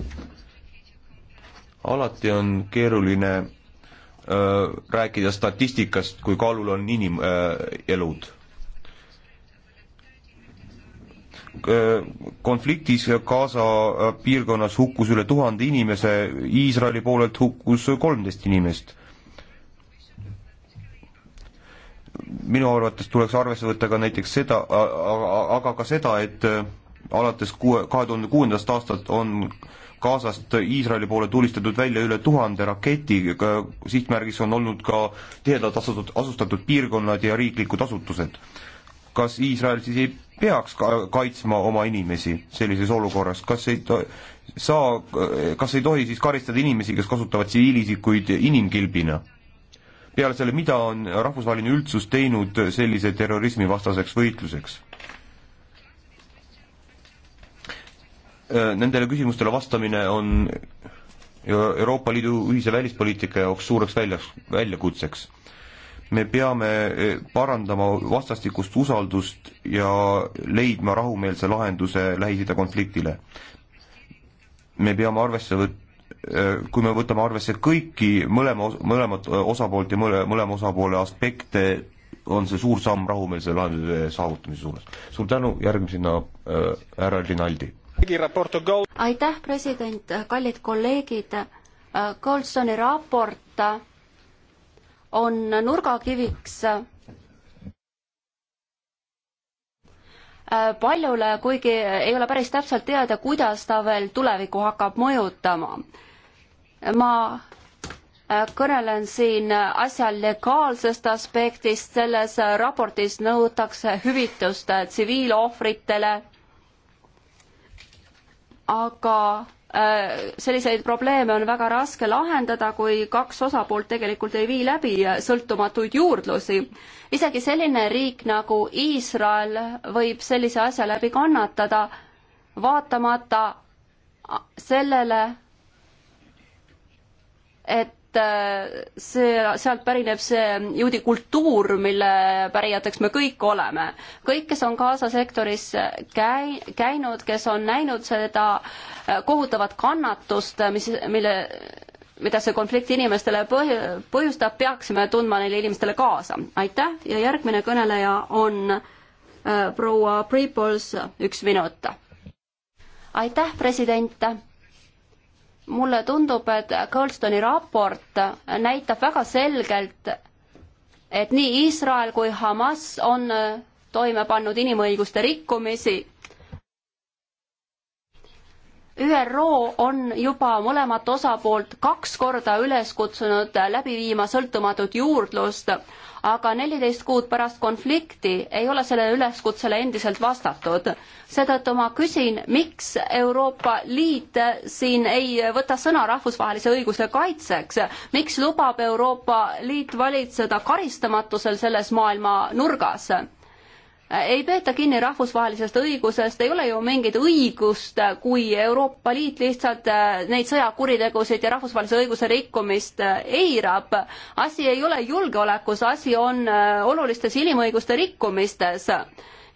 alati on keeruline öö, äh, rääkida statistikast, kui kaalul on inimelud äh, Äh, konfliktis Gaza äh, piirkonnas hukkus üle tuhande inimese, Iisraeli poolelt hukkus kolmteist inimest. minu arvates tuleks arvesse võtta ka näiteks seda, aga ka seda, et äh, alates kuue, kahe tuhande kuuendast aastast on Gazast Iisraeli poole tulistatud välja üle tuhande raketi, sihtmärgis on olnud ka tihedalt asustatud, asustatud piirkonnad ja riiklikud asutused. kas Iisrael siis ei peaks ka kaitsma oma inimesi sellises olukorras, kas ei to-, saa, kas ei tohi siis karistada inimesi, kes kasutavad tsiviilisikuid inimkilbina? peale selle, mida on rahvusvaheline üldsus teinud sellise terrorismivastaseks võitluseks? Äh, nendele küsimustele vastamine on Euroopa Liidu ühise välispoliitika jaoks suureks väljas, väljakutseks me peame eh, parandama vastastikust usaldust ja leidma rahumeelse lahenduse Lähis-Ida konfliktile. me peame arvesse võt-, eh, kui me võtame arvesse kõiki mõlema, mõlemat osapoolt ja mõle, mõlema osapoole aspekte, on see suur samm rahumeelse lahenduse saavutamise suunas. suur tänu, järgmisena eh, härra äh, Rinaldi. aitäh, president, kallid kolleegid, Goldstoni raport on nurgakiviks äh, paljule, kuigi ei ole päris täpselt teada, kuidas ta veel tulevikku hakkab mõjutama. ma äh, kõnelen siin asja legaalsest aspektist, selles raportis nõutakse hüvitust tsiviilohvritele, aga Äh, selliseid probleeme on väga raske lahendada, kui kaks osapoolt tegelikult ei vii läbi sõltumatuid juurdlusi. isegi selline riik nagu Iisrael võib sellise asja läbi kannatada, vaatamata sellele, et et äh, see, sealt pärineb see juudi kultuur, mille pärijateks me kõik oleme. kõik, kes on Gaza sektoris käi-, käinud, kes on näinud seda äh, kohutavat kannatust, äh, mis, mille, mida see konflikt inimestele põhj-, põhjustab, peaksime tundma neile inimestele kaasa. aitäh ja järgmine kõneleja on äh, proua Priipols, üks minut. aitäh, president mulle tundub, et Goldstoni raport näitab väga selgelt, et nii Iisrael kui Hamas on toime pannud inimõiguste rikkumisi. ÜRO on juba mõlemat osapoolt kaks korda üles kutsunud läbi viima sõltumatut juurdlust, aga neliteist kuud pärast konflikti ei ole sellele üleskutsele endiselt vastatud. seetõttu ma küsin, miks Euroopa Liit siin ei võta sõna rahvusvahelise õiguse kaitseks, miks lubab Euroopa Liit valitseda karistamatusel selles maailma nurgas? Äh, ei peeta kinni rahvusvahelisest õigusest, ei ole ju mingit õigust, äh, kui Euroopa Liit lihtsalt äh, neid sõjakuritegusid ja rahvusvahelise õiguse rikkumist eirab. asi ei ole julgeolekus, asi on olulistes inimõiguste rikkumistes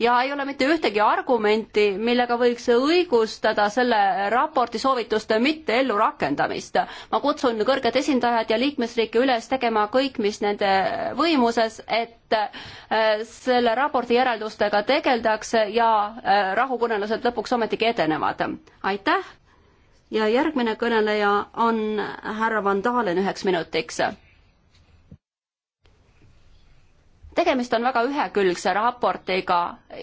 ja ei ole mitte ühtegi argumenti, millega võiks õigustada selle raporti soovituste mitte ellurakendamist. ma kutsun kõrged esindajad ja liikmesriike üles tegema kõik, mis nende võimuses, et äh, selle raporti järeldustega tegeldakse ja äh, rahukõnelused lõpuks ometigi edenevad. aitäh ja järgmine kõneleja on härra Van Dalen üheks minutiks tegemist on väga ühekülgse raportiga.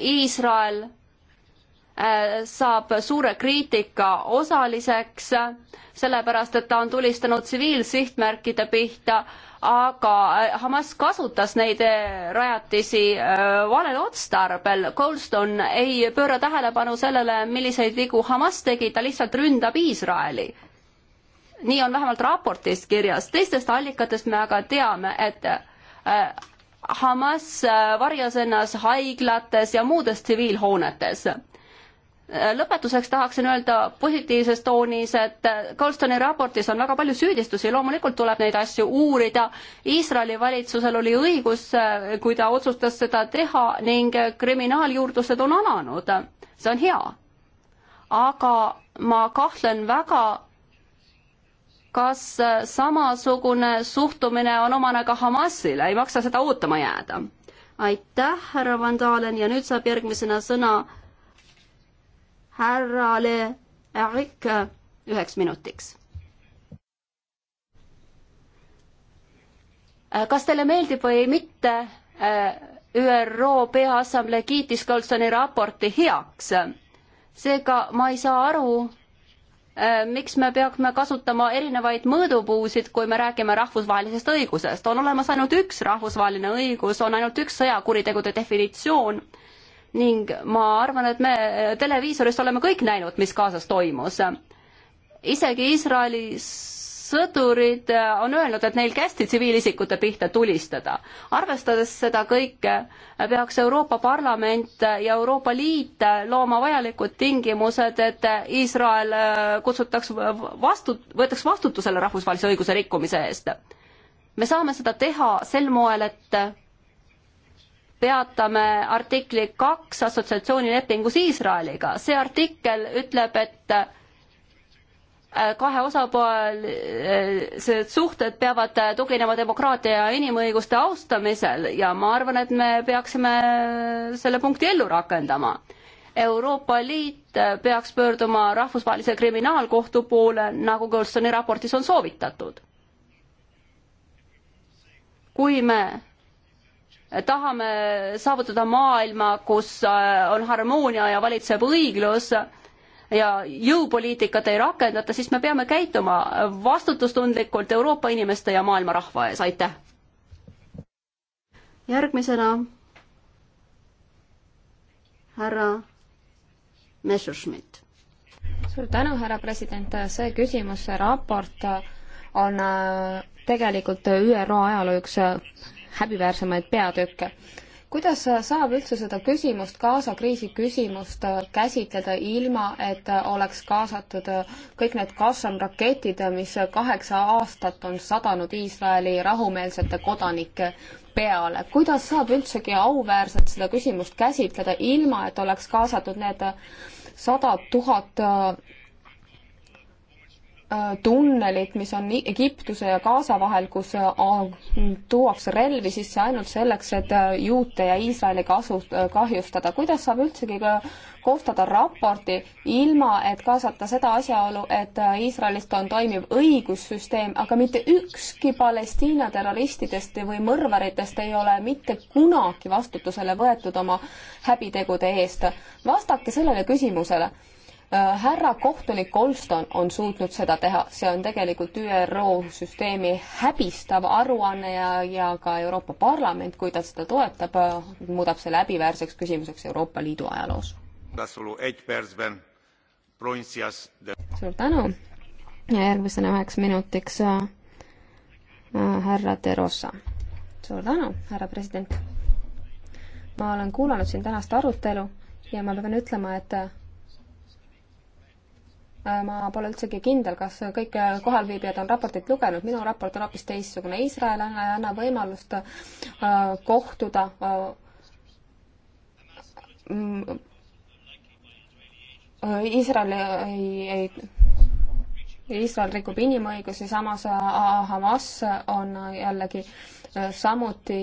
Iisrael äh, saab suure kriitika osaliseks, sellepärast et ta on tulistanud tsiviilsihtmärkide pihta, aga äh, Hamas kasutas neid äh, rajatisi valel otstarbel. Goldstone ei pööra tähelepanu sellele, milliseid vigu Hamas tegi, ta lihtsalt ründab Iisraeli. nii on vähemalt raportis kirjas, teistest allikatest me aga teame, et Hamas äh, varjas ennast haiglates ja muudes tsiviilhoonetes. Äh, lõpetuseks tahaksin öelda positiivses toonis, et äh, Goldstoni raportis on väga palju süüdistusi, loomulikult tuleb neid asju uurida. Iisraeli valitsusel oli õigus, kui ta otsustas seda teha ning kriminaaljuurdlused on alanud. see on hea. aga ma kahtlen väga kas äh, samasugune suhtumine on omane ka Hamasile, ei maksa seda ootama jääda. aitäh, härra Van Dalen ja nüüd saab järgmisena sõna härra Le Eric äh, üheks minutiks. Äh, kas teile meeldib või mitte, ÜRO Peaassamblee kiitis Goldstoni raporti heaks. seega ma ei saa aru, Äh, miks me peaksime kasutama erinevaid mõõdupuusid, kui me räägime rahvusvahelisest õigusest? on olemas ainult üks rahvusvaheline õigus, on ainult üks sõjakuritegude definitsioon ning ma arvan, et me televiisorist oleme kõik näinud, mis Gazas toimus. isegi Iisraelis sõdurid äh, on öelnud, et neil kästi tsiviilisikute pihta tulistada. arvestades seda kõike, peaks Euroopa Parlament ja Euroopa Liit looma vajalikud tingimused, et Iisrael äh, kutsutaks vastu, võetaks vastutusele rahvusvahelise õiguse rikkumise eest. me saame seda teha sel moel, et peatame artikli kaks assotsiatsioonilepingus Iisraeliga. see artikkel ütleb, et kahe osapoolsed suhted peavad tuginema demokraatia ja inimõiguste austamisel ja ma arvan, et me peaksime selle punkti ellu rakendama. Euroopa Liit peaks pöörduma Rahvusvahelise Kriminaalkohtu poole, nagu Goldstoni raportis on soovitatud. kui me tahame saavutada maailma, kus äh, on harmoonia ja valitseb õiglus, ja jõupoliitikat ei rakendata, siis me peame käituma vastutustundlikult Euroopa inimeste ja maailma rahva ees, aitäh! järgmisena härra Messerschmidt. suur tänu, härra president, see küsimus, see raport on äh, tegelikult ÜRO ajaloo üks äh, häbiväärsemaid peatükke kuidas saab üldse seda küsimust, Gaza kriisi küsimust äh, käsitleda ilma, et äh, oleks kaasatud äh, kõik need Gassam raketid, mis kaheksa aastat on sadanud Iisraeli rahumeelsete kodanike peale, kuidas saab üldsegi auväärselt seda küsimust käsitleda, ilma et oleks kaasatud need sada tuhat Äh, tunnelit, mis on Egiptuse ja Gaza vahel, kus äh, tuuakse relvi sisse ainult selleks, et äh, juute ja Iisraeli kasu, kahjustada. kuidas saab üldsegi koostada raporti, ilma et kaasata seda asjaolu, et Iisraelist on toimiv õigussüsteem, aga mitte ükski Palestiina terroristidest või mõrvaritest ei ole mitte kunagi vastutusele võetud oma häbitegude eest. vastake sellele küsimusele Äh, härra kohtunik Olston on suutnud seda teha, see on tegelikult ÜRO süsteemi häbistav aruanne ja, ja ka Euroopa Parlament, kui ta seda toetab, äh, muudab selle häbiväärseks küsimuseks Euroopa Liidu ajaloos. suur tänu ja järgmisena üheks minutiks äh, äh, härra De Rosa. suur tänu, härra president. ma olen kuulanud siin tänast arutelu ja ma pean ütlema, et ma pole üldsegi kindel, kas kõik kohalviibijad on raportit lugenud, minu raport on hoopis teistsugune. Iisrael annab võimalust äh, kohtuda äh, mm, Iisrael ei, ei, Iisrael rikub inimõigusi, samas äh, Hamas on jällegi samuti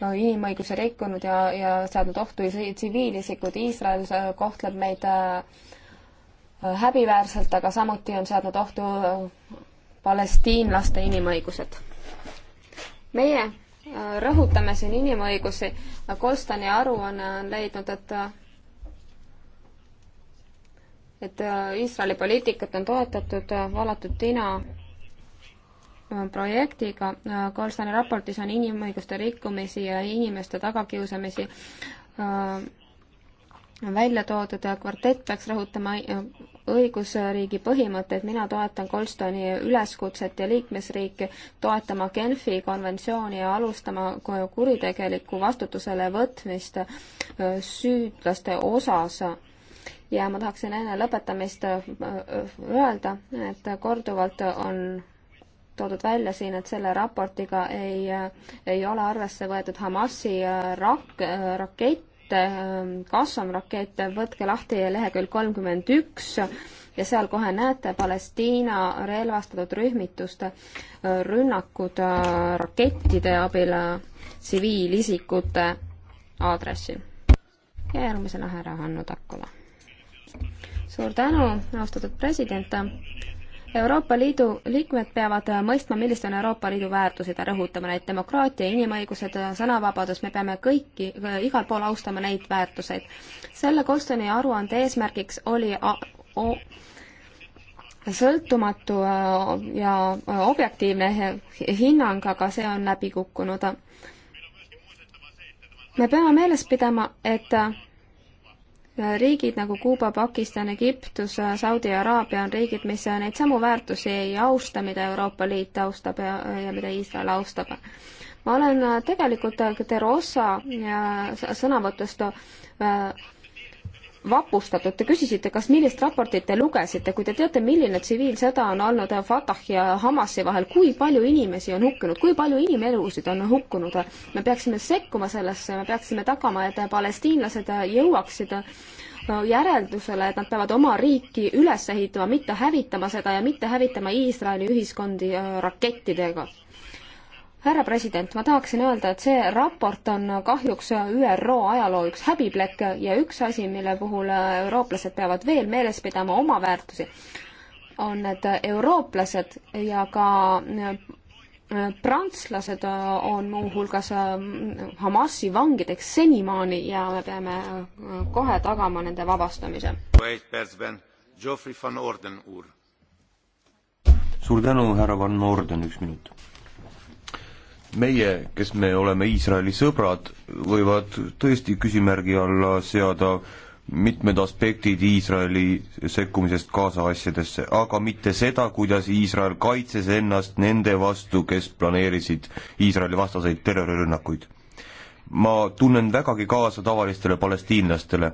inimõiguse rikkunud ja, ja seadnud ohtu tsiviilisikud. Iisrael kohtleb meid äh, Äh, häbiväärselt, aga samuti on seadnud ohtu äh, palestiinlaste inimõigused. meie äh, rõhutame siin inimõigusi, Kolstani aruanne on leidnud, et et Iisraeli poliitikat on toetatud valatud tina projektiga, Kolstani raportis on inimõiguste rikkumisi ja inimeste tagakiusamisi välja toodud ja kvartett peaks rõhutama õigusriigi põhimõtteid, mina toetan Goldstoni üleskutset ja liikmesriike toetama Genfi konventsiooni ja alustama kuritegelikku vastutusele võtmist süüdlaste osas. ja ma tahaksin enne lõpetamist öelda, et korduvalt on toodud välja siin, et selle raportiga ei, ei ole arvesse võetud Hamasi rak-, rakett, rakette, Qassam rakette, võtke lahti lehekülg kolmkümmend üks ja seal kohe näete Palestiina relvastatud rühmituste äh, rünnakud äh, rakettide abil äh, tsiviilisikute aadressil. ja järgmisena härra Hanno Takula. suur tänu, austatud president Euroopa Liidu liikmed peavad mõistma, millised on Euroopa Liidu väärtused ja rõhutama neid demokraatia, inimõigused, sõnavabadus, me peame kõiki, igal pool austama neid väärtuseid. selle Colstoni aruande eesmärgiks oli sõltumatu äh, ja äh, objektiivne hinnang, aga see on läbi kukkunud. me peame meeles pidama, et äh, riigid nagu Kuuba, Pakistan, Egiptus, Saudi Araabia on riigid, mis neid samu väärtusi ei austa, mida Euroopa Liit austab ja, ja mida Iisrael austab. ma olen tegelikult De Rosa sõnavõtust äh, vapustatud, te küsisite, kas millist raportit te lugesite, kui te teate, milline tsiviilsõda on olnud Fatah ja Hamasi vahel, kui palju inimesi on hukkunud, kui palju inimelusid on hukkunud, me peaksime sekkuma sellesse, me peaksime tagama, et palestiinlased jõuaksid järeldusele, et nad peavad oma riiki üles ehitama, mitte hävitama seda ja mitte hävitama Iisraeli ühiskondi rakettidega härra president, ma tahaksin öelda, et see raport on kahjuks ÜRO ajaloo üks häbiplekk ja üks asi, mille puhul eurooplased peavad veel meeles pidama oma väärtusi, on, et eurooplased ja ka äh, prantslased on muuhulgas äh, Hamasi vangideks senimaani ja me peame äh, kohe tagama nende vabastamise. suur tänu, härra Van Orden, üks minut meie, kes me oleme Iisraeli sõbrad, võivad tõesti küsimärgi alla seada mitmed aspektid Iisraeli sekkumisest Gaza asjadesse, aga mitte seda, kuidas Iisrael kaitses ennast nende vastu, kes planeerisid Iisraeli vastaseid terrorirünnakuid. ma tunnen vägagi kaasa tavalistele palestiinlastele.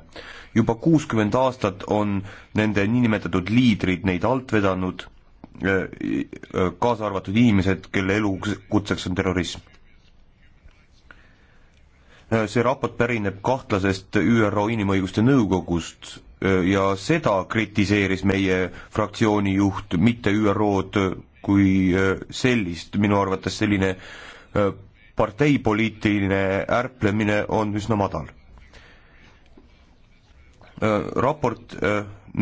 juba kuuskümmend aastat on nende niinimetatud liidrid neid alt vedanud Äh, äh, kaasa arvatud inimesed, kelle elukutseks on terrorism. Äh, see raport pärineb kahtlasest ÜRO Inimõiguste Nõukogust ja seda kritiseeris meie fraktsiooni juht, mitte ÜRO-d kui sellist, minu arvates selline parteipoliitiline ärplemine on üsna madal. raport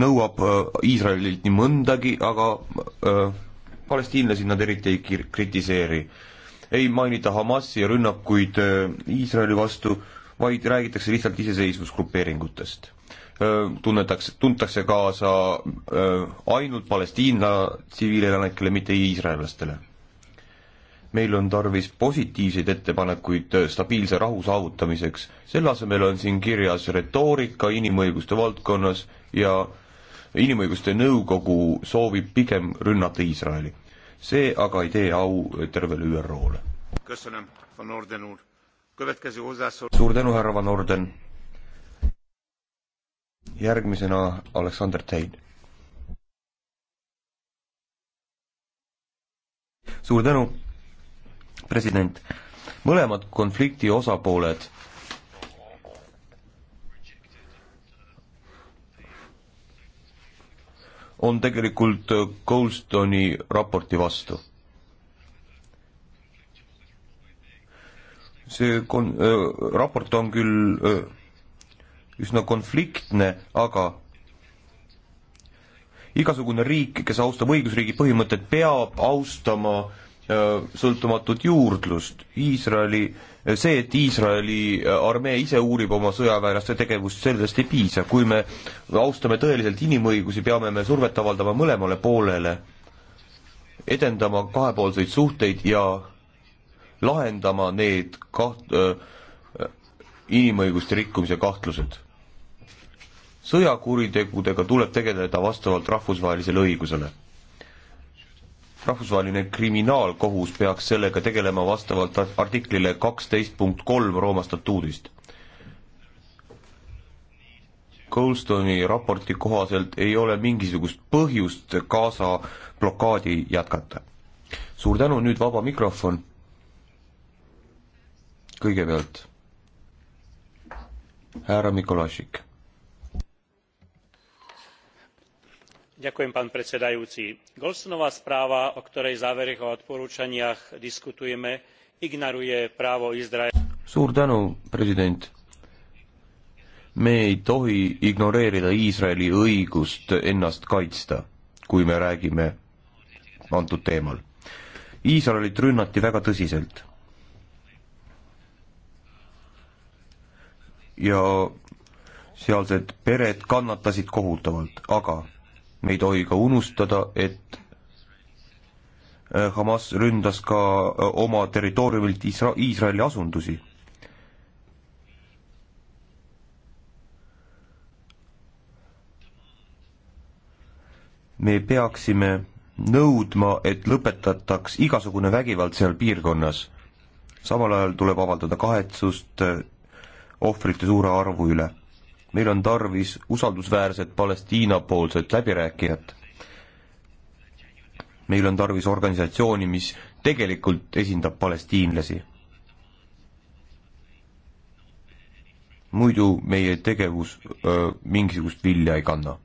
nõuab äh, Iisraelilt nii mõndagi, aga äh, palestiinlasi nad eriti ei kritiseeri. ei mainita Hamasi ja rünnakuid äh, Iisraeli äh, vastu, vaid räägitakse lihtsalt iseseisvusgrupeeringutest äh,. tunnetakse, tuntakse kaasa äh, ainult Palestiina tsiviilelanikele, mitte iisraellastele. meil on tarvis positiivseid ettepanekuid stabiilse rahu saavutamiseks, selle asemel on siin kirjas retoorika inimõiguste valdkonnas ja äh, inimõiguste nõukogu soovib pigem rünnata Iisraeli. see aga ei tee au tervele ÜRO-le. suur tänu, härra Van Orden. järgmisena Aleksander Tein. suur tänu, president. mõlemad konflikti osapooled on tegelikult Goldstone'i raporti vastu. see kon-, äh, raport on küll äh, üsna konfliktne, aga igasugune riik, kes austab õigusriigi põhimõtet, peab austama äh, Äh, sõltumatut juurdlust. Iisraeli, äh, see, et Iisraeli äh, armee ise uurib oma sõjaväelaste tegevust, sellest ei piisa. kui me austame tõeliselt inimõigusi, peame me survet avaldama mõlemale poolele, edendama kahepoolseid suhteid ja lahendama need kaht- äh,, inimõiguste rikkumise kahtlused. sõjakuritegudega tuleb tegeleda vastavalt rahvusvahelisele õigusele rahvusvaheline kriminaalkohus peaks sellega tegelema vastavalt artiklile kaksteist punkt kolm Rooma statuudist. Goldstone'i raporti kohaselt ei ole mingisugust põhjust Gaza blokaadi jätkata. suur tänu, nüüd vaba mikrofon. kõigepealt härra Mikolašik goldstoneova správa o ktorej záveroch a odporúčaniach diskutujeme ignoruje právo izraela. suur tänu president me ei tohi ignoreerida iisraeli õigust ennast kaitsta kui me räägime antud teemal iisraelit rünnati väga tõsiselt ja sealsed pered kannatasid kohutavalt aga me ei tohi ka unustada, et äh, Hamas ründas ka äh, oma territooriumilt Isra-, Iisraeli asundusi. me peaksime nõudma, et lõpetataks igasugune vägivald seal piirkonnas. samal ajal tuleb avaldada kahetsust äh, ohvrite suure arvu üle meil on tarvis usaldusväärset Palestiina-poolset läbirääkijat. meil on tarvis organisatsiooni, mis tegelikult esindab palestiinlasi. muidu meie tegevus öö, mingisugust vilja ei kanna.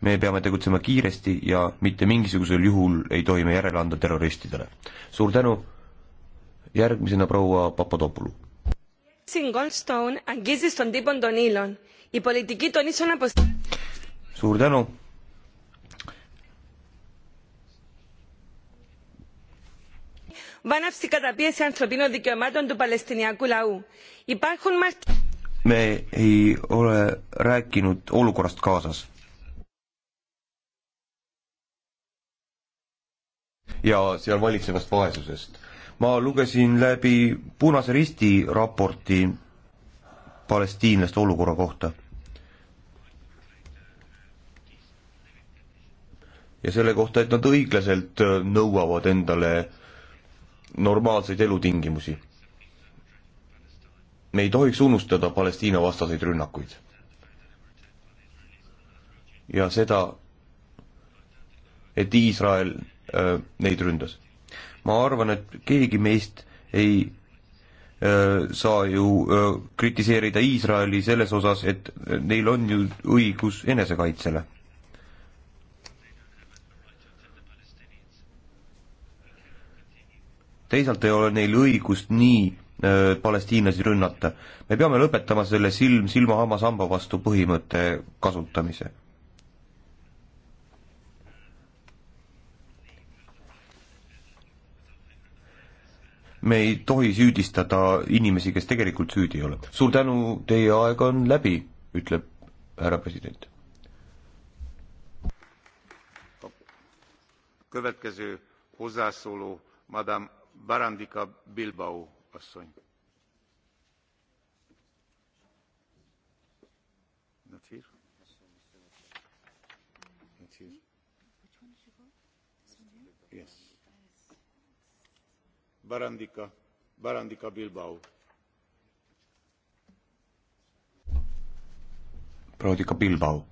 me peame tegutsema kiiresti ja mitte mingisugusel juhul ei tohi me järele anda terroristidele. suur tänu, järgmisena proua Papadopoulou. siin Goldstone, Angizist on tibunud on Elon η πολιτική των ίσων αποστάσεων. Suur tänu. Βάναυση κατά πίεση ανθρωπίνων δικαιωμάτων του Παλαιστινιακού λαού. Υπάρχουν μάρτυρες me ei ole rääkinud olukorrast Gazas. ja seal valitsevast vaesusest. ma lugesin läbi Punase Risti raporti palestiinlaste olukorra kohta. ja selle kohta, et nad õiglaselt äh, nõuavad endale normaalseid elutingimusi. me ei tohiks unustada Palestiina vastaseid rünnakuid. ja seda, et Iisrael äh, neid ründas. ma arvan, et keegi meist ei äh, saa ju äh, kritiseerida Iisraeli selles osas, et neil on ju õigus enesekaitsele. teisalt ei ole neil õigust nii äh, palestiinlasi rünnata. me peame lõpetama selle silm silma hamba samba vastu põhimõtte kasutamise. me ei tohi süüdistada inimesi, kes tegelikult süüdi ei ole. suur tänu, teie aeg on läbi, ütleb härra president. következő hozzászóló madame barandika bilbao asszony. Not here. Not here. Yes. Barandika, Barandika Bilbao. Barandika Bilbao.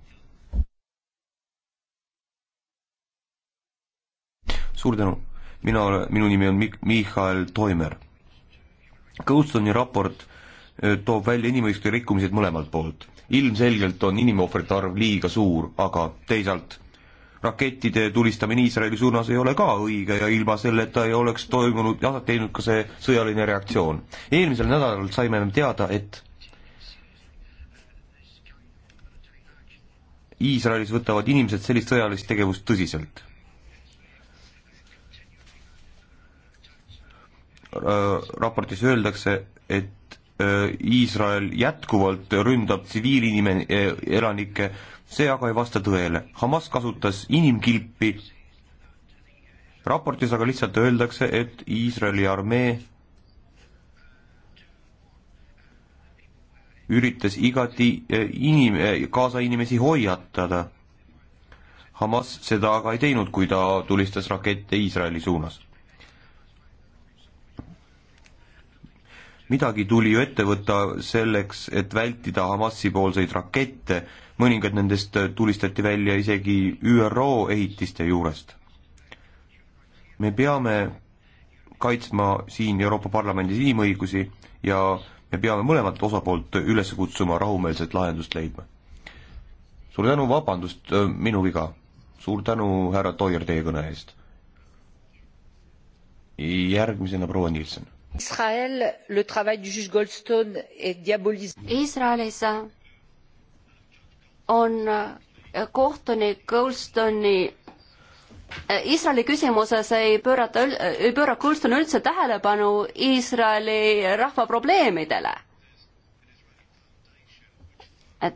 suur tänu mina, minu nimi on Mik-, Michal Toimer. Goldstoni raport toob välja inimõiguste rikkumised mõlemalt poolt. ilmselgelt on inimohvrite arv liiga suur, aga teisalt rakettide tulistamine Iisraeli suunas ei ole ka õige ja ilma selleta ei oleks toimunud, aset leidnud ka see sõjaline reaktsioon. eelmisel nädalal saime me teada, et Iisraelis võtavad inimesed sellist sõjalist tegevust tõsiselt Äh, raportis öeldakse, et äh, Iisrael jätkuvalt ründab tsiviilinimelanikke, äh, see aga ei vasta tõele. Hamas kasutas inimkilpi, raportis aga lihtsalt öeldakse, et Iisraeli armee üritas igati inim-, kaasa inimesi hoiatada. Hamas seda aga ei teinud, kui ta tulistas rakette Iisraeli suunas midagi tuli ju ette võtta selleks, et vältida Hamasi poolseid rakette, mõningad nendest äh, tulistati välja isegi ÜRO ehitiste juurest. me peame kaitsma siin Euroopa Parlamendis inimõigusi ja me peame mõlemat osapoolt üles kutsuma rahumeelset lahendust leidma. suur tänu, vabandust, äh, minu viga. suur tänu, härra Toier, teie kõne eest. järgmisena proua Nielsen Iisraelis on äh, kohtunik Goldstone'i Iisraeli äh, küsimuses ei pöörata, äh, ei pööra Goldstone üldse tähelepanu Iisraeli rahva probleemidele.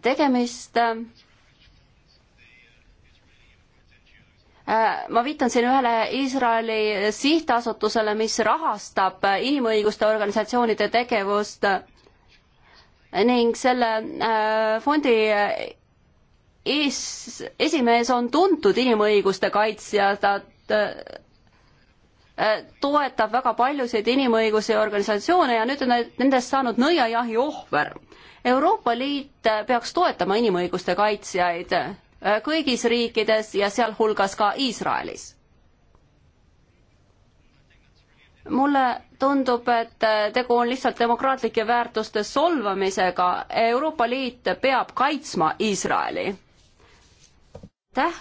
tegemist Äh, ma viitan siin ühele Iisraeli sihtasutusele, mis rahastab äh, inimõiguste organisatsioonide tegevust äh, ning selle fondi ees, esimees on tuntud inimõiguste kaitsja, ta toetab väga paljusid inimõiguse organisatsioone ja nüüd on nendest saanud nõiajahi ohver. Euroopa Liit peaks toetama inimõiguste kaitsjaid Äh, kõigis riikides ja sealhulgas ka Iisraelis. mulle tundub, et äh, tegu on lihtsalt demokraatlike väärtuste solvamisega. Euroopa Liit peab kaitsma Iisraeli. aitäh.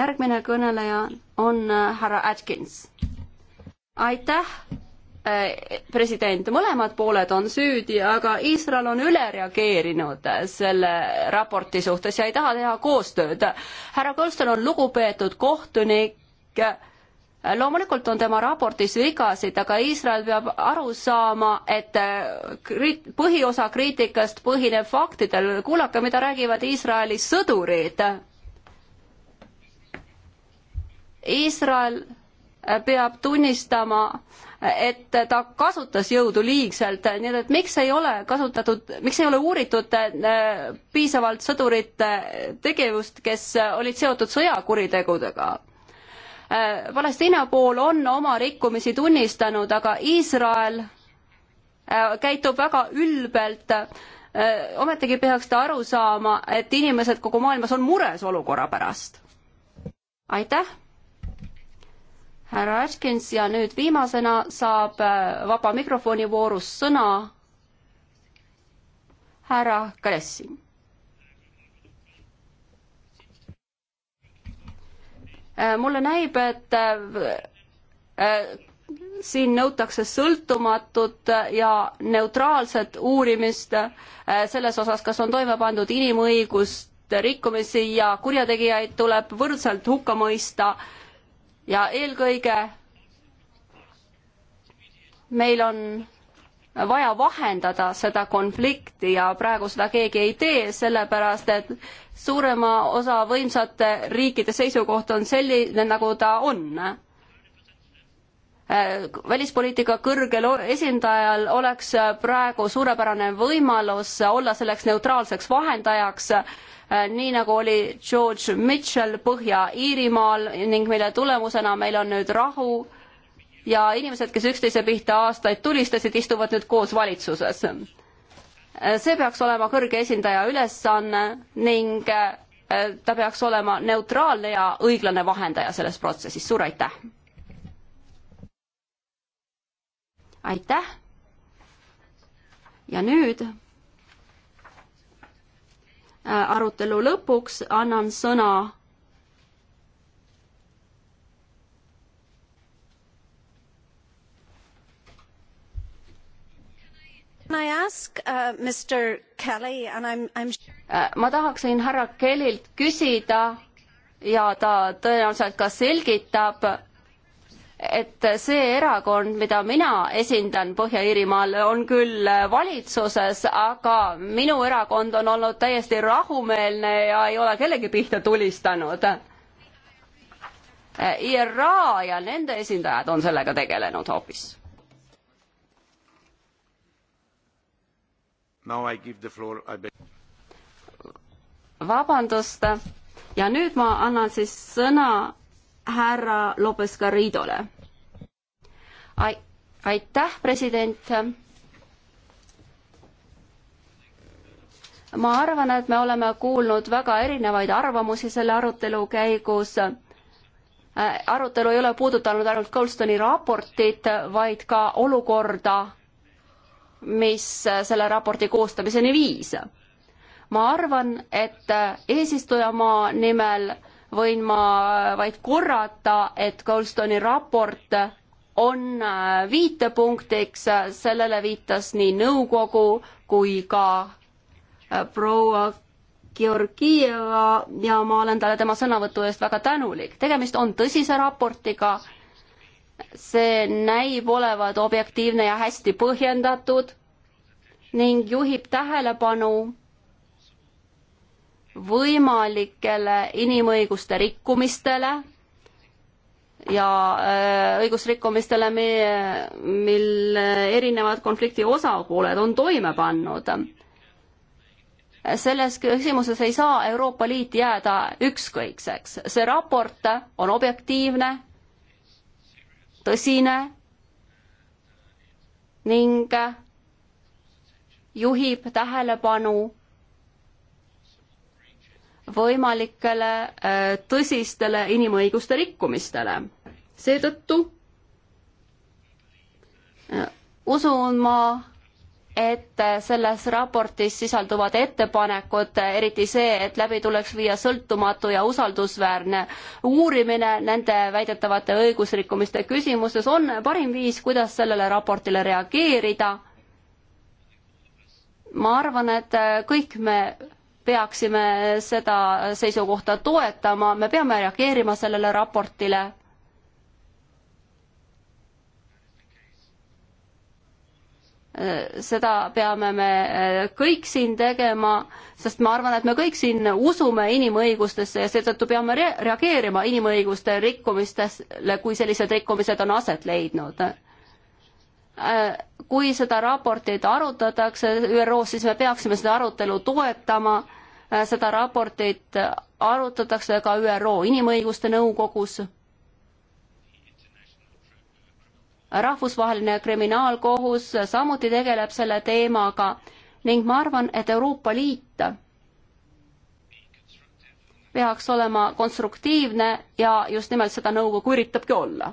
järgmine kõneleja on äh, härra Atkins. aitäh Äh, president, mõlemad pooled on süüdi, aga Iisrael on üle reageerinud selle raporti suhtes ja ei taha teha koostööd. härra Kõlston on lugupeetud kohtunik, loomulikult on tema raportis vigasid, aga Iisrael peab aru saama, et kriit-, põhiosa kriitikast põhineb faktidel, kuulake, mida räägivad Iisraeli sõdurid. Iisrael peab tunnistama äh, et ta kasutas jõudu liigselt, nii et miks ei ole kasutatud, miks ei ole uuritud äh, piisavalt sõdurite tegevust, kes olid seotud sõjakuritegudega? Äh, Palestiina pool on oma rikkumisi tunnistanud, aga Iisrael äh, käitub väga ülbelt. ometigi peaks ta aru saama, et inimesed kogu maailmas on mures olukorra pärast. aitäh härra Atkins ja nüüd viimasena saab äh, vaba mikrofoni voorus sõna härra Kressin. Äh, mulle näib, et äh, siin nõutakse sõltumatut ja neutraalset uurimist selles osas, kas on toime pandud inimõiguste rikkumisi ja kurjategijaid tuleb võrdselt hukka mõista äh, ja eelkõige meil on vaja vahendada seda konflikti ja praegu seda keegi ei tee, sellepärast et suurema osa võimsate riikide seisukoht on selline, nagu ta on. välispoliitika kõrgel esindajal oleks praegu suurepärane võimalus olla selleks neutraalseks vahendajaks Äh, nii nagu oli George Mitchell Põhja-Iirimaal ning mille tulemusena meil on nüüd rahu ja inimesed, kes üksteise pihta aastaid tulistasid, istuvad nüüd koos valitsuses. Äh, see peaks olema kõrge esindaja ülesanne ning äh, ta peaks olema neutraalne ja õiglane vahendaja selles protsessis, suur aitäh! aitäh! ja nüüd Äh, arutelu lõpuks annan sõna uh, äh, ma tahaksin härra Kellilt küsida ja ta tõenäoliselt ka selgitab, et see erakond, mida mina esindan Põhja-Iirimaal, on küll valitsuses, aga minu erakond on olnud täiesti rahumeelne ja ei ole kellegi pihta tulistanud. IRA ja nende esindajad on sellega tegelenud hoopis. vabandust ja nüüd ma annan siis sõna härra Lopez Garridole. aitäh, president. ma arvan, et me oleme kuulnud väga erinevaid arvamusi selle arutelu käigus äh, arutelu ei ole puudutanud ainult Goldstone'i raportit, vaid ka olukorda, mis selle raporti koostamiseni viis. ma arvan, et eesistujamaa nimel võin ma vaid korrata, et Goldstone'i raport on äh, viitepunktiks, sellele viitas nii nõukogu kui ka äh, proua Georgieva ja ma olen talle tema sõnavõtu eest väga tänulik. tegemist on tõsise raportiga, see näib olevat objektiivne ja hästi põhjendatud ning juhib tähelepanu võimalikele inimõiguste rikkumistele ja äh, õigusrikkumistele, mil erinevad konflikti osapooled on toime pannud. selles küsimuses ei saa Euroopa Liit jääda ükskõikseks. see raport on objektiivne, tõsine ning juhib tähelepanu võimalikele äh, tõsistele inimõiguste rikkumistele. seetõttu äh, usun ma, et äh, selles raportis sisalduvad ettepanekud, eriti see, et läbi tuleks viia sõltumatu ja usaldusväärne uurimine nende väidetavate õigusrikkumiste küsimuses, on parim viis, kuidas sellele raportile reageerida. ma arvan, et kõik me peaksime seda seisukohta toetama, me peame reageerima sellele raportile. seda peame me kõik siin tegema, sest ma arvan, et me kõik siin usume inimõigustesse ja seetõttu peame re reageerima inimõiguste rikkumistele, kui sellised rikkumised on aset leidnud Äh, kui seda raportit arutatakse ÜRO-s, siis me peaksime seda arutelu toetama, äh, seda raportit arutatakse ka ÜRO Inimõiguste Nõukogus. rahvusvaheline kriminaalkohus samuti tegeleb selle teemaga ning ma arvan, et Euroopa Liit peaks olema konstruktiivne ja just nimelt seda nõukogu üritabki olla.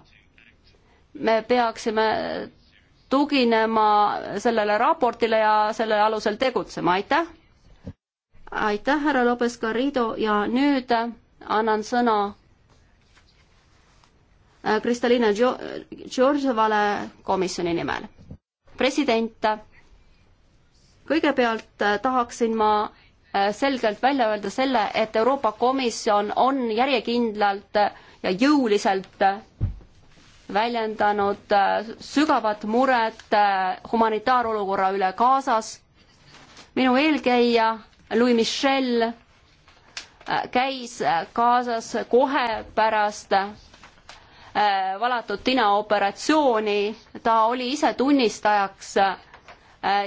me peaksime tuginema sellele raportile ja selle alusel tegutsema, aitäh! aitäh, härra Lopez-Garrido ja nüüd annan sõna äh, Kristalina Georgievale komisjoni nimel. president, kõigepealt äh, tahaksin ma äh, selgelt välja öelda selle, et Euroopa Komisjon on järjekindlalt ja jõuliselt väljendanud äh, sügavat muret äh, humanitaarolukorra üle Gazas. minu eelkäija Louis Michel äh, käis Gazas kohe pärast valatud tina operatsiooni, ta oli ise tunnistajaks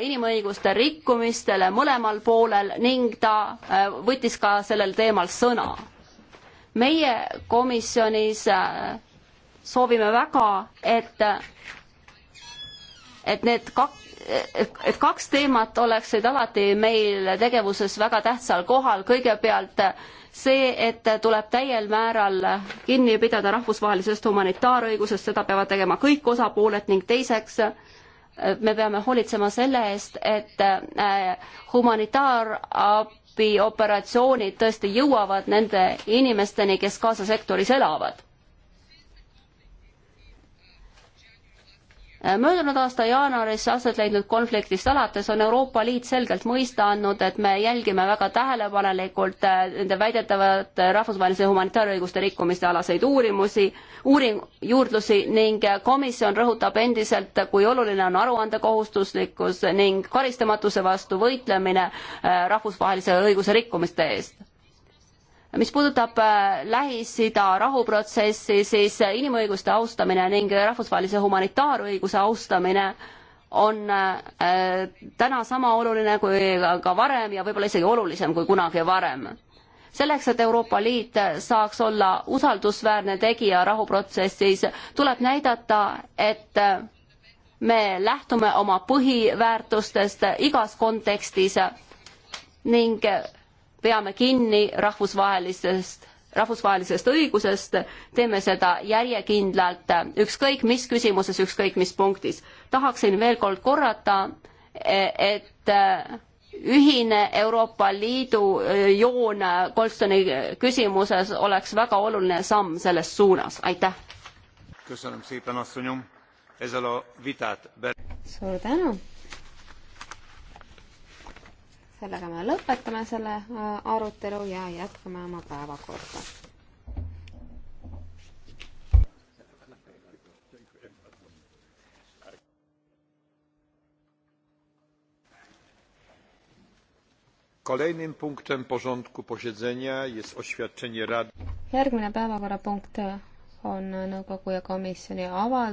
inimõiguste rikkumistele mõlemal poolel ning ta võttis ka sellel teemal sõna. meie komisjonis soovime väga, et, et need kak-, et kaks teemat oleksid alati meil tegevuses väga tähtsal kohal, kõigepealt see, et tuleb täiel määral kinni pidada rahvusvahelisest humanitaarõigusest, seda peavad tegema kõik osapooled ning teiseks me peame hoolitsema selle eest, et äh, humanitaarabi operatsioonid tõesti jõuavad nende inimesteni, kes Gaza sektoris elavad Äh, möödunud aasta jaanuaris aset leidnud konfliktist alates on Euroopa Liit selgelt mõista andnud, et me jälgime väga tähelepanelikult äh, nende väidetavate äh, rahvusvahelise humanitaarõiguste rikkumiste alaseid uurimusi, uuring, juurdlusi ning komisjon rõhutab endiselt, kui oluline on aruandekohustuslikkus ning karistamatuse vastu võitlemine rahvusvahelise õiguse rikkumiste eest mis puudutab äh, Lähis-Ida rahuprotsessi, siis äh, inimõiguste austamine ning rahvusvahelise humanitaarõiguse austamine on äh, täna sama oluline kui ka varem ja võib-olla isegi olulisem kui kunagi varem. selleks, et Euroopa Liit saaks olla usaldusväärne tegija rahuprotsessis, tuleb näidata, et me lähtume oma põhiväärtustest igas kontekstis ning peame kinni rahvusvahelistest rahvusvahelisest õigusest, teeme seda järjekindlalt, ükskõik mis küsimuses, ükskõik mis punktis. tahaksin veel kord korrata, et ühine Euroopa Liidu joon Goldstoni küsimuses oleks väga oluline samm selles suunas, aitäh. suur tänu sellega me lõpetame selle äh, arutelu ja jätkame oma päevakorda. Kolejnym punktem porządku posiedzenia jest oświadczenie Rady. Järgmine päevakorrapunkt on nõukogu ja komisjoni avaldus.